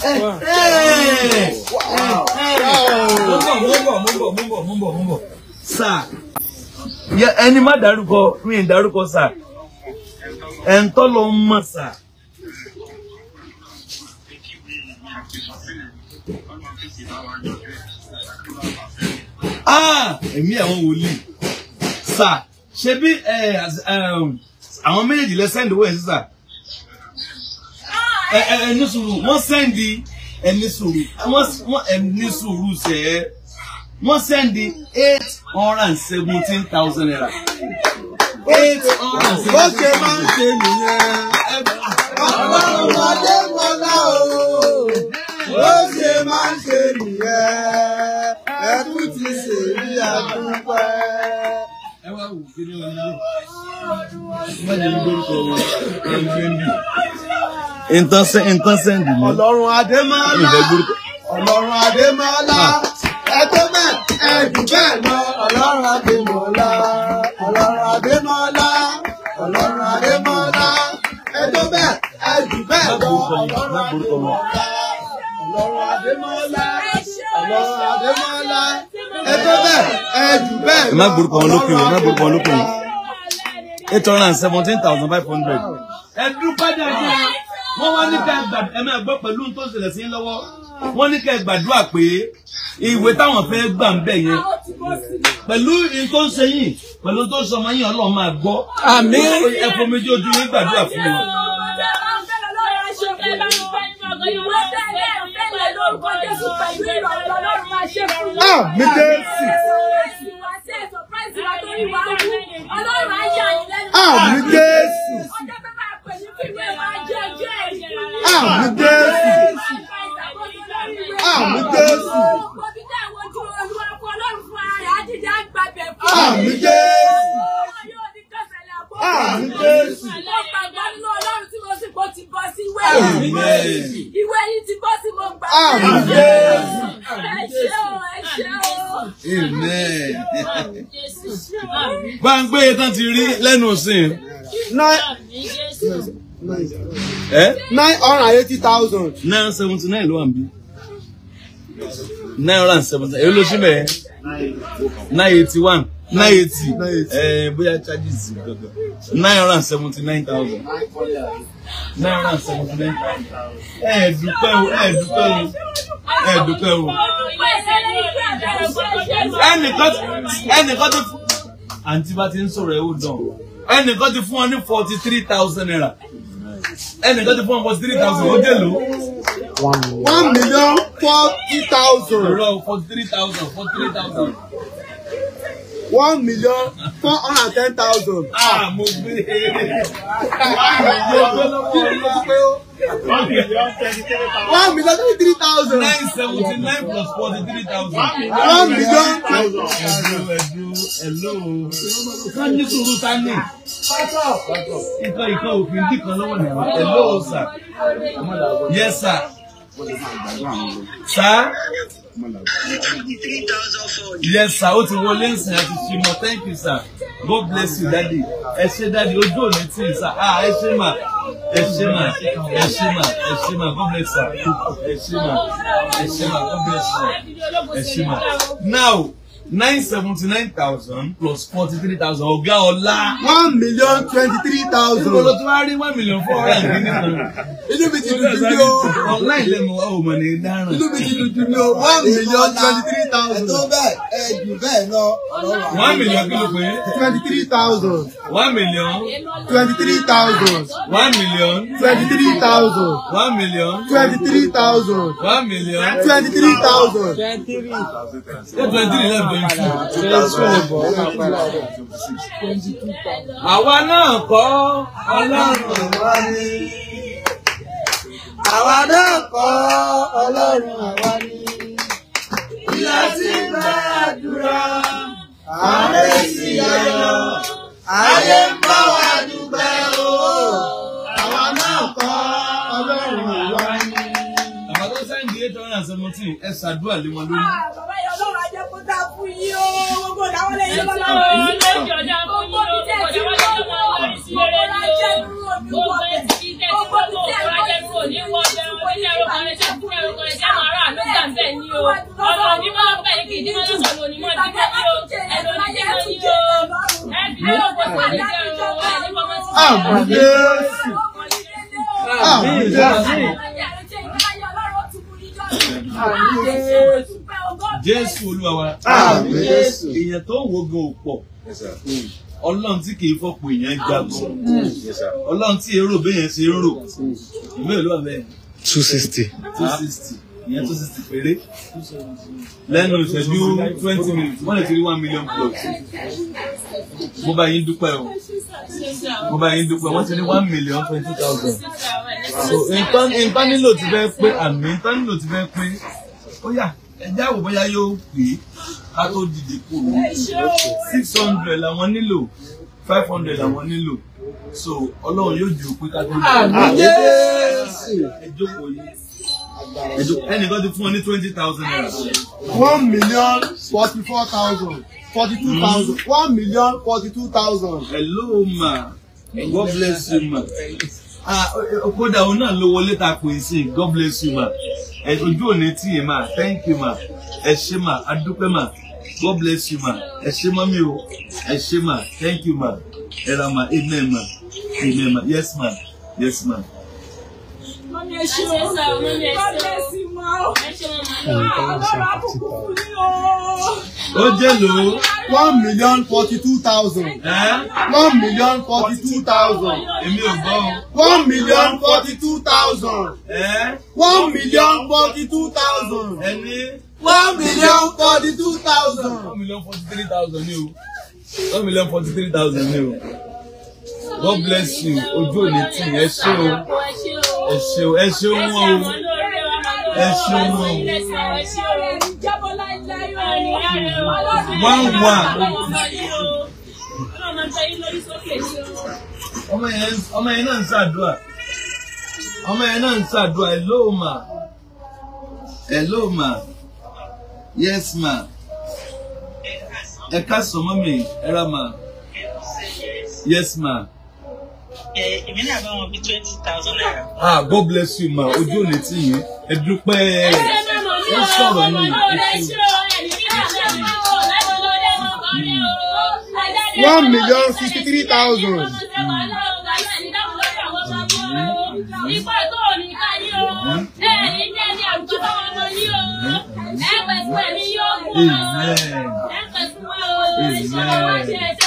Hey, eh, hey, wow. Hey. Eh, eh. Sir, ẹni má dárúkọ mi ń dárúkọ sà ẹ̀ ń tọ́ mọ̀ sà. Thank you ẹ̀mí ah, àwọn wòlíì sà ṣe bí àwọn méjèèjì lẹ sẹ́ndì owó ẹ̀ sí sà eh, eh, ẹni sùúrù wọ́n sẹ́ndì ẹni sùúrù wọ́n ẹni sùúrù sẹ́ wọ́n sẹ́ndì eight hundred and seventeen thousand naira eight hundred and seventeen thousand naira. ó ṣe máa ń ṣe nìyẹn ọlọ́run adé mọ́lá o ó ṣe máa ń ṣe nìyẹn ẹkú ti ṣe rí àdúpẹ́. ẹ wá wò kí ni wọn ní má jẹ ní gbórúkọ wọn ẹni fẹ́ bì. ìtànsẹ́ ìtànsẹ́ ń dùn mí. ọlọ́run adémọ́lá ọlọ́run adémọ́lá ah. ẹgbẹ́ mẹ́ ẹ̀dùn bẹ́ẹ̀ lọ ọlọ́run adémọ́lá ọlọ́run adémọ́lá ọlọ́run adémọ́lá ẹgbẹ́ mẹ́ ẹ̀dùn bẹ́ẹ̀ lọ ọlọ́run adémọ́lá ọlọ́run adémọ́lá. Adémọ́lá ẹ wọn lókun yìí, ẹ má wọn lókun yìí. Eight hundred and seventeen thousand five hundred. Ẹ dúpẹ́ dáadáa, wọ́n wá ní ká ẹ máa gbọ́ pẹ̀lú tó ń ṣẹlẹ̀ sí lọ́wọ́. Wọ́n ní ká gbàdúrà pé ìwé táwọn fẹ́ gbà ń bẹ̀ yẹn pẹ̀lú tó ń ṣe yìí pẹ̀lú tó ń sọmọ yìí Ọlọ́run máa gbọ́. Ẹ fomi ojú yín gbàdúrà fún mi ṣe pẹ̀lú ìwé tẹ́lẹ̀ Jésù Ah, mi Ah, mi Ah, mi Ah, mi Ah, mi Ah, mi ìwé yìí ìwé yìí ti bọ́ sí mo gbà. ẹ ṣé o ẹ ṣé o. gbàngbé tán ti rí lẹ́nu òsìn. nine hundred and eighty thousand. nine seventy nine ló wà níbí nine hundred and seventy nine èyí ló sí mẹ́ẹ̀ nine eighty one nine eighty ẹ eh, bóyá charges gangan nine hundred seventy nine thousand nine hundred seventy nine thousand Eh, dúpẹ́ o ẹ eh, dúpẹ́ o Eh, dúpẹ́ o ẹnìkan ẹnìkan tó fún àǹtí bá ti ń sọ̀rọ̀ ẹ̀ ó dàn ẹnìkan ti fún ọ ní forty three thousand naira ẹnìkan ti fún ọ forty three thousand ó dé one million forty thousand. irọ́ forty three thousand forty three thousand one million four hundred and ten thousand. Ah, mo gbé one million thirty three thousand. one million thirty three thousand. nine seventy nine plus forty three thousand. one million thirty three thousand. hello hello. ká ní sùúrù ta ní. ikọ̀ ikọ̀ òfin dìkan lọ́wọ́ nìyẹn. hello sir. yes sir. sir yes sir ó ti wọlé nsìn àti ṣìmọ thank you sir god bless you daddy ẹ ṣé daddy ojú òní tí ì sir ah ẹ ṣé ma ẹ ṣé ma ẹ ṣé ma ẹ ṣé ma god bless you, ẹ ṣé ma ẹ ṣé ma god bless you, ẹ ṣé ma now nine seventy nine thousand plus forty three thousand ọ̀gá ọ̀la. one million twenty three thousand. níbo ló tún wá rí one million four hundred and twenty thousand. inú mi ti dùn jù ní o. online lẹ́nu wa ò mọ̀ ní dáràn. inú mi ti dùn jù ní o one million twenty three thousand. ẹ̀tọ́ bẹ́ẹ̀ ẹ jù bẹ́ẹ̀ lọ. one million kí ló pé. twenty three thousand. one million. twenty three thousand. one million. twenty three thousand. one million. twenty three thousand. one million. twenty three thousand. twenty three. ó twenty three lẹ́bẹ̀ẹ́ jésù bọ̀ àwa náà kọ́ ọlọ́run wa ni àwa náà kọ́ ọlọ́run wa ni ìyá tí ń bá àdúrà àárẹ̀ sí ayọ̀ ayé ń bá wa dúpẹ́ o àwa náà kọ́ ọlọ́run wa ni. àwọn tó sẹ́yìn eight hundred and seventeen ẹ ṣàdúrà lé wọn lórí. Ah, fún yín o gbogbo ìdáwọ́lé yín jésù olúwa wa èèyàn tó wo gan ò pọ̀ ọlọ́run tí kì í fọ́pọ̀ èèyàn gbàgbọ́ ọlọ́run tí èrò bẹ́yẹn ṣe ń rò ìwé ìlú àbẹ́yẹn. two sixty. two sixty ìyẹn two sixty péré lẹ́nu ìṣẹ́jú twenty minutes One lè ti one million plus mo bá yín dúpẹ́ o mo bá yín dúpẹ́ wọ́n ti ní one million twenty thousand so nǹkan nílò ti fẹ́ pé àmì nǹkan nílò ti fẹ́ pé ó yá ẹjẹ́ àwò bóyá yóò pè é ká tó dìde kúrò six hundred làwọn nílò five hundred làwọn nílò so ọlọ́run yóò jù ú pé ká tó dìde kúrò ẹjọ́ kò yẹ ẹnìkan ti fún ọ ní twenty thousand naira. one million forty four thousand forty two hmm. thousand one million forty two thousand. hello ma god bless you ma ah, kódà òun náà ló wọlé ta kò sí god bless you ma ojú òní tí yìí ma thank you ma ẹ ṣé ma adúpẹ́ ma god bless you ma ẹ ṣé mọ́ mi o ẹ ṣé ma thank you ma ẹ ra ma amen ma amen ma yes ma yes ma mọ́mí ẹ ṣe o bábẹ́sì mọ́ o ọlọ́run àkókò fún ó jẹ́ lò ó one million forty two thousand one million forty two thousand èmi ò gbọ́ one million forty two thousand one million forty two thousand ẹni one million forty two thousand one million forty three thousand ni o one million forty three thousand ni o. God bless you ojú òní tì ẹ ṣé o ẹ ṣé o ẹ ṣé o wọn o ẹ ṣé o wọn o one one ọmọ yẹn ọmọ yẹn náà ń ṣàdúrà ọmọ yẹn náà ń ṣàdúrà hello ma hello ma yes ma ẹ ká sọ mọ́ mi ẹ ra ma yes ma èmi náà bá wọn bí twenty thousand naira. ah God bless you ma ojú ò lè tì yín ẹ dúpẹ́ ó sọ̀rọ̀ ní ìfún. one million sixty three thousand. Hmm? Ipò tó o ní ká ní o, bẹ́ẹ̀ hmm? ni jẹ́ ní àwùjọ bá wọn mọ ní o, hmm? ẹgbẹ̀sùn ẹ̀mí yóò kú o, ẹgbẹ̀sùn wọn o, ìṣòro wọn ṣe ẹ̀jẹ̀.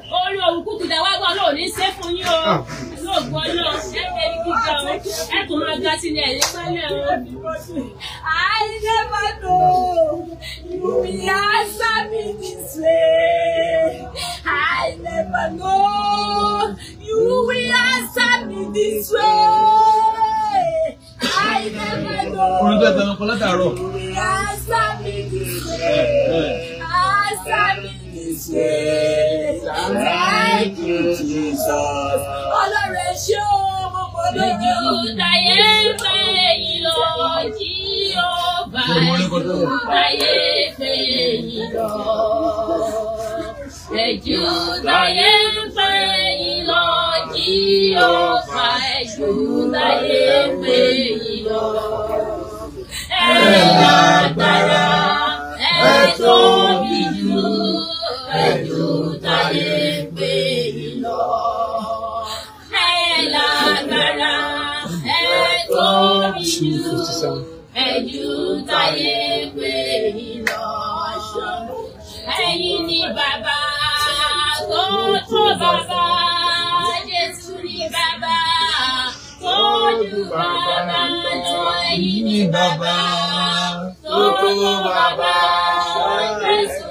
orí òrùkú ti dàwọ́ gan lóò ní ṣe fún yín o lóògùn ah. ọlọ́ọ̀ ẹ fẹ́ ní gíga o ẹ tún máa ga sí ilẹ̀ ẹ̀yẹ pẹ́lẹ́ o. I never know you be answer me this way. I never know you will answer me this way. I never know you will answer me this way is great thank you Jesus. ọlọ́run ẹ ṣé o mo mọ lójú táyé pé ìlọ jí ó bá ìlú táyé pé ìlọ. Ẹ̀jú táyé pé ìlọ jí ó bá ẹ̀jú táyé pé ìlọ. Ẹ̀yà àgbàrá ẹ̀ tóbi jù ju táyé gbé lọ. Ẹ lágbára, ẹ tóbi jù, ẹ ju táyé gbé lọ. Ẹ̀yin ni bàbá tó tó bàbá, Jésù ni bàbá tó ju bàbá lọ. Ẹ̀yin ni bàbá tó tó bàbá, Jésù.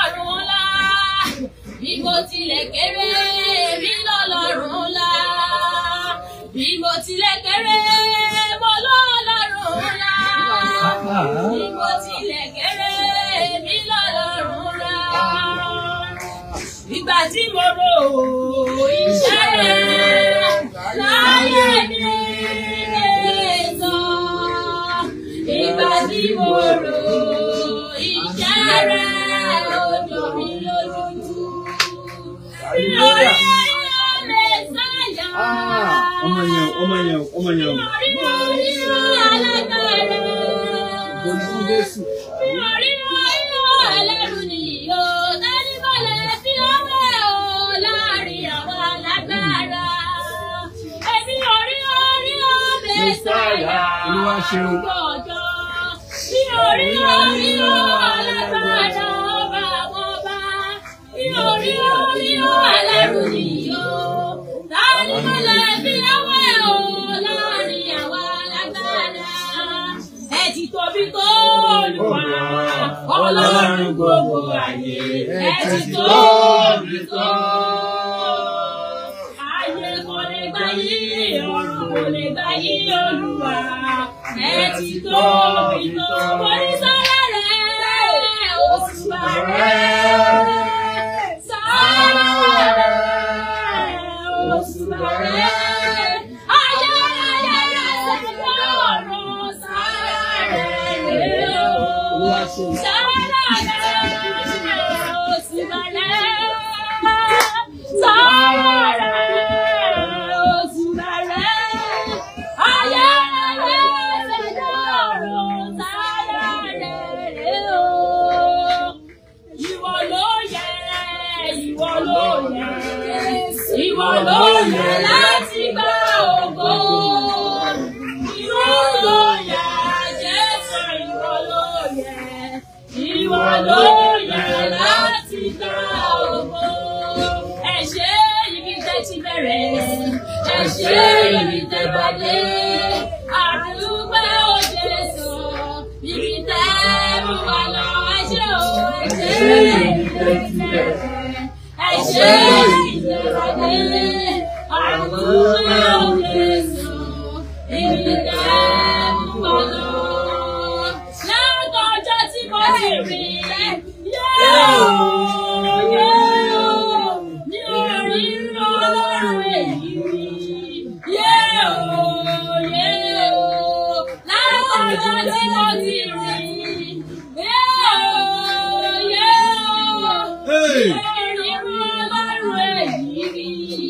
bí mo tilẹ̀ kéré èmi lọ́lọ́run ńlá bí mo tilẹ̀ kéré mo lọ́lọ́run ńlá bí mo tilẹ̀ kéré èmi lọ́lọ́run ńlá ìgbà tí mo rò ó iṣẹ́ rẹ̀ láyé mi sàn ìgbà tí mo rò ó iṣẹ́ rẹ̀. ọmọ yẹn ọmọ yẹn ọmọ yẹn. Olùkọ́ Jésù. Olúwa ṣeun. Mi ò rí orí o alágbára orí orí ó ẹlẹ́rù nìyó tani mo lè fi lọ́wọ́ ẹ̀ o láàrin àwa lágbára ẹ ti tóbi tó Olúwa Ọlọ́run gbogbo ayé ẹ ti tóbi tó. Ayé kò lè gbà yí, ọ̀run kò lè gbà yí Olúwa ẹ ti tóbi tó. Mo ní sọ́ra rẹ̀, òṣùwà rẹ̀.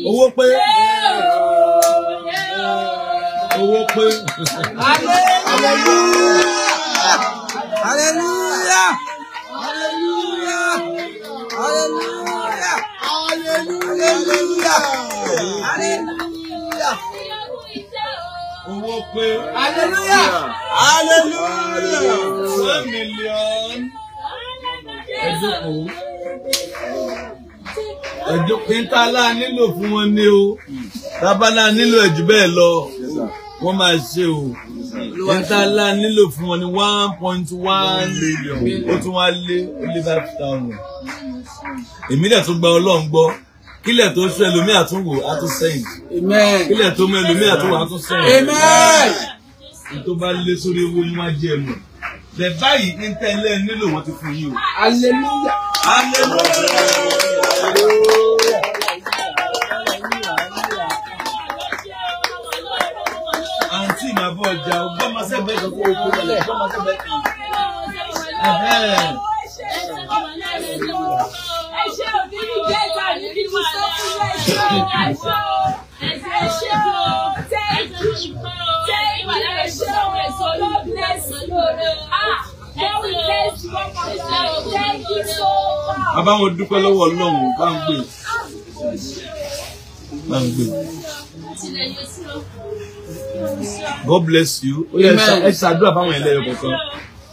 owó pé owó pé hallelujah hallelujah hallelujah hallelujah hallelujah. hallelujah hallelujah one million. ẹ jókòó ẹjọ píntàlá nílò fún wọn ní o tábàlá nílò ẹjù bẹ́ẹ̀ lọ wọn máa ṣe o píntàlá nílò fún wọn ní one point one million ó tún wá lé ó lé five thousand èmi dẹ̀ tún gba ọlọ́run gbọ́ kílẹ̀ tó ṣe ẹlòmíì àtúnwò àtúnṣẹ́yìn kílẹ̀ tó mọ ẹlòmíì àtúnwò àtúnṣẹ́yìn tó bá lé sórí owó ni wọ́n á jẹ́ ẹ̀mọ̀ bẹ̀ báyìí ní tẹ́lẹ̀ nílò wọ́n ti fún yín o. àǹtí màá ọjà ọgbọ́n máa ṣẹ́gbẹ́ ìdókòwò kúrò lẹ̀ ọgbọ́n máa ṣẹ́gbẹ́ ìdókòwò. dẹ́ta ní kí wà lẹ́yìn ẹ̀ṣọ́ ẹ̀ṣọ́ ẹ̀ṣẹ́ kọ́ tẹ́ẹ̀kì tẹ́ẹ̀kì ẹ̀ṣọ́ ẹ̀ṣọ́ lọ́bìnẹ́sì lóore lọ́bìnẹ́sì lọ́kọ̀ọ́sẹ̀ tẹ́ẹ̀kì tó. bàbá wọn dúpẹ́ lọ́wọ́ ọlọ́run bá ń gbé bá ń gbé. God bless you. Ó ẹ ṣàdúrà fáwọn ẹlẹ́yọ̀ kọ̀ọ̀kan.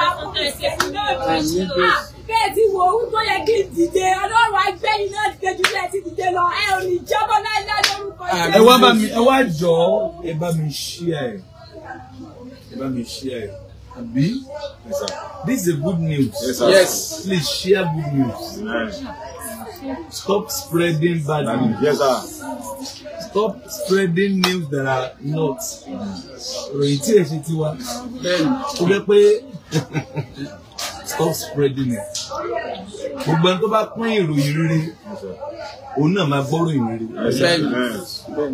arákùnrin ṣèkú lóòjì bẹ́ẹ̀ ti wo ohun tó ah, ẹ wá bá mi ẹ wá jọ ẹ bá mi ṣí ẹ bá mi ṣí àbí this is a good news yes, yes. please share good news. Yes. Stop spreading bad news. Yes, sir. Stop spreading news that are not. Ròyìn tí èsì ti wá. Bẹ́ẹ̀ni. Ó jẹ́ stop spreading it. Gbogbo ẹni tó bá pín ìròyìn rere, òun náà máa gbọ́ ròyìn rere. Bẹ́ẹ̀ni.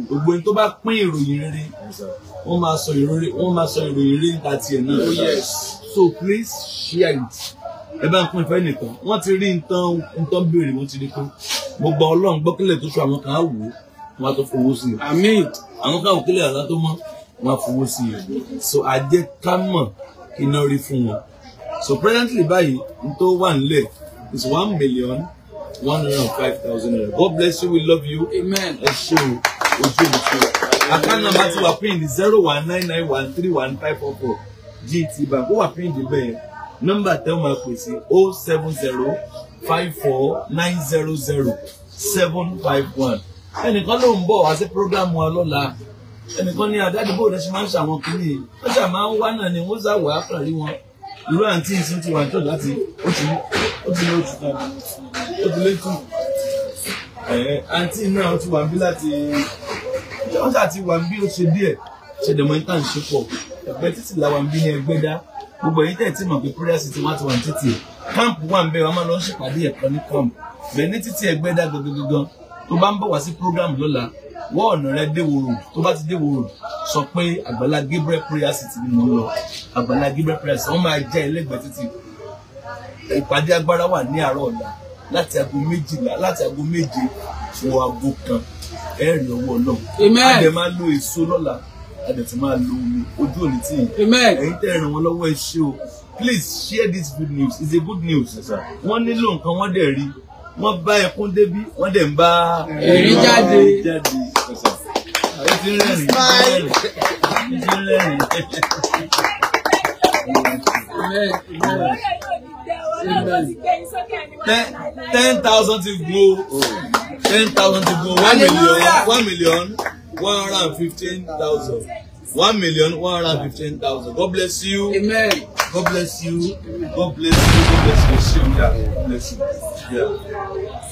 Gbogbo ẹni tó bá pín ìròyìn rere, wọ́n máa sọ ìròyìn rere nípa tiẹ̀ náà. Oh, so please share it ẹ bá ìfẹ́ nìkan wọ́n ti rí nǹkan nǹkan béèrè wọ́n ti rí kó mo gba ọlọ́run gbọ́kílẹ̀ tó sọ àwọn kan á wò ó wọ́n á tó fowó sí i àmín àwọn kan òkílẹ̀ àlá tó mọ́ wọ́n á fowó sí i so ajẹ́ ká mọ̀ kí iná rí fún wọn so presently báyìí n tó wà nílẹ̀ is one million one hundred and five thousand naira God bless you we love you amen ẹ ṣé o ojú mi fún ọ account number ti wà pin zero one nine nine one three one five four four GT bank ó wà pin dì bẹ́ẹ̀ nọ́mbà tẹ́ ọ máa pè sí o seven zero five four nine zero zero seven five one ẹnìkan ló ń bọ̀ wá sí program wa lọ́la ẹnìkan ní adádìbò rẹ ṣe máa ń ṣàwọn kìíní wọ́n ṣà máa ń wá náà ni wọ́n ṣàwọ̀ àpàrí wọn irú àǹtí ìsìn ti wà ní tọ́jú láti ó ti lé oṣù kan ó ti lé tù àǹtí náà ó ti wà bí láti wọ́n ṣà ti wà bí ó ṣe díẹ̀ ṣẹ̀dẹ̀mọ́ ní tàǹṣe pọ̀ ẹgbẹ́ títí làwọn bí ní ẹgbẹ́ dá gbogbo èyí tẹ̀ tí mọ̀ pé pírẹ́sì ti wá ti wà ní títì káàmpù wà ń bẹ wọn máa lọ ṣèpàdé ẹ̀kọ́ ní kọ́ọ̀mù bẹ́ẹ̀ ní títì ẹgbẹ́ dá gangan tó bá ń bọ̀ wá sí program lọ́la wọ́ ọ̀nà rẹ déwòrò tó bá ti déwòrò sọ pé àgbàlá Gabriel prayer city ni mo lọ àgbàlá Gabriel prayer city wọ́n máa jẹ́ ẹlẹ́gbẹ̀ẹ́ títì ìpàdé agbára wà ní àárọ̀ ọ̀la láti aago méjìlá láti aago méje wọ aago kan ẹ̀rì ọwọ́ náà ẹ̀dẹ̀ máa lo omi ojú òní tí ẹ̀yin tẹ́ ràn wọ́n lọ́wọ́ ẹ ṣé o please share this good news it's a good news wọ́n nílò nǹkan wọ́n dẹ̀ rí wọ́n bá ẹkún débí wọ́n dẹ̀ ń bá ẹ̀rí jáde ó ti ń rẹ́rìn ten thousand ti gbó ten thousand ti gbó one million one million one hundred and fifteen thousand one million one hundred and fifteen thousand God bless you. Amen. God bless you. God bless you. God bless you. God bless you. God bless you. Yeah.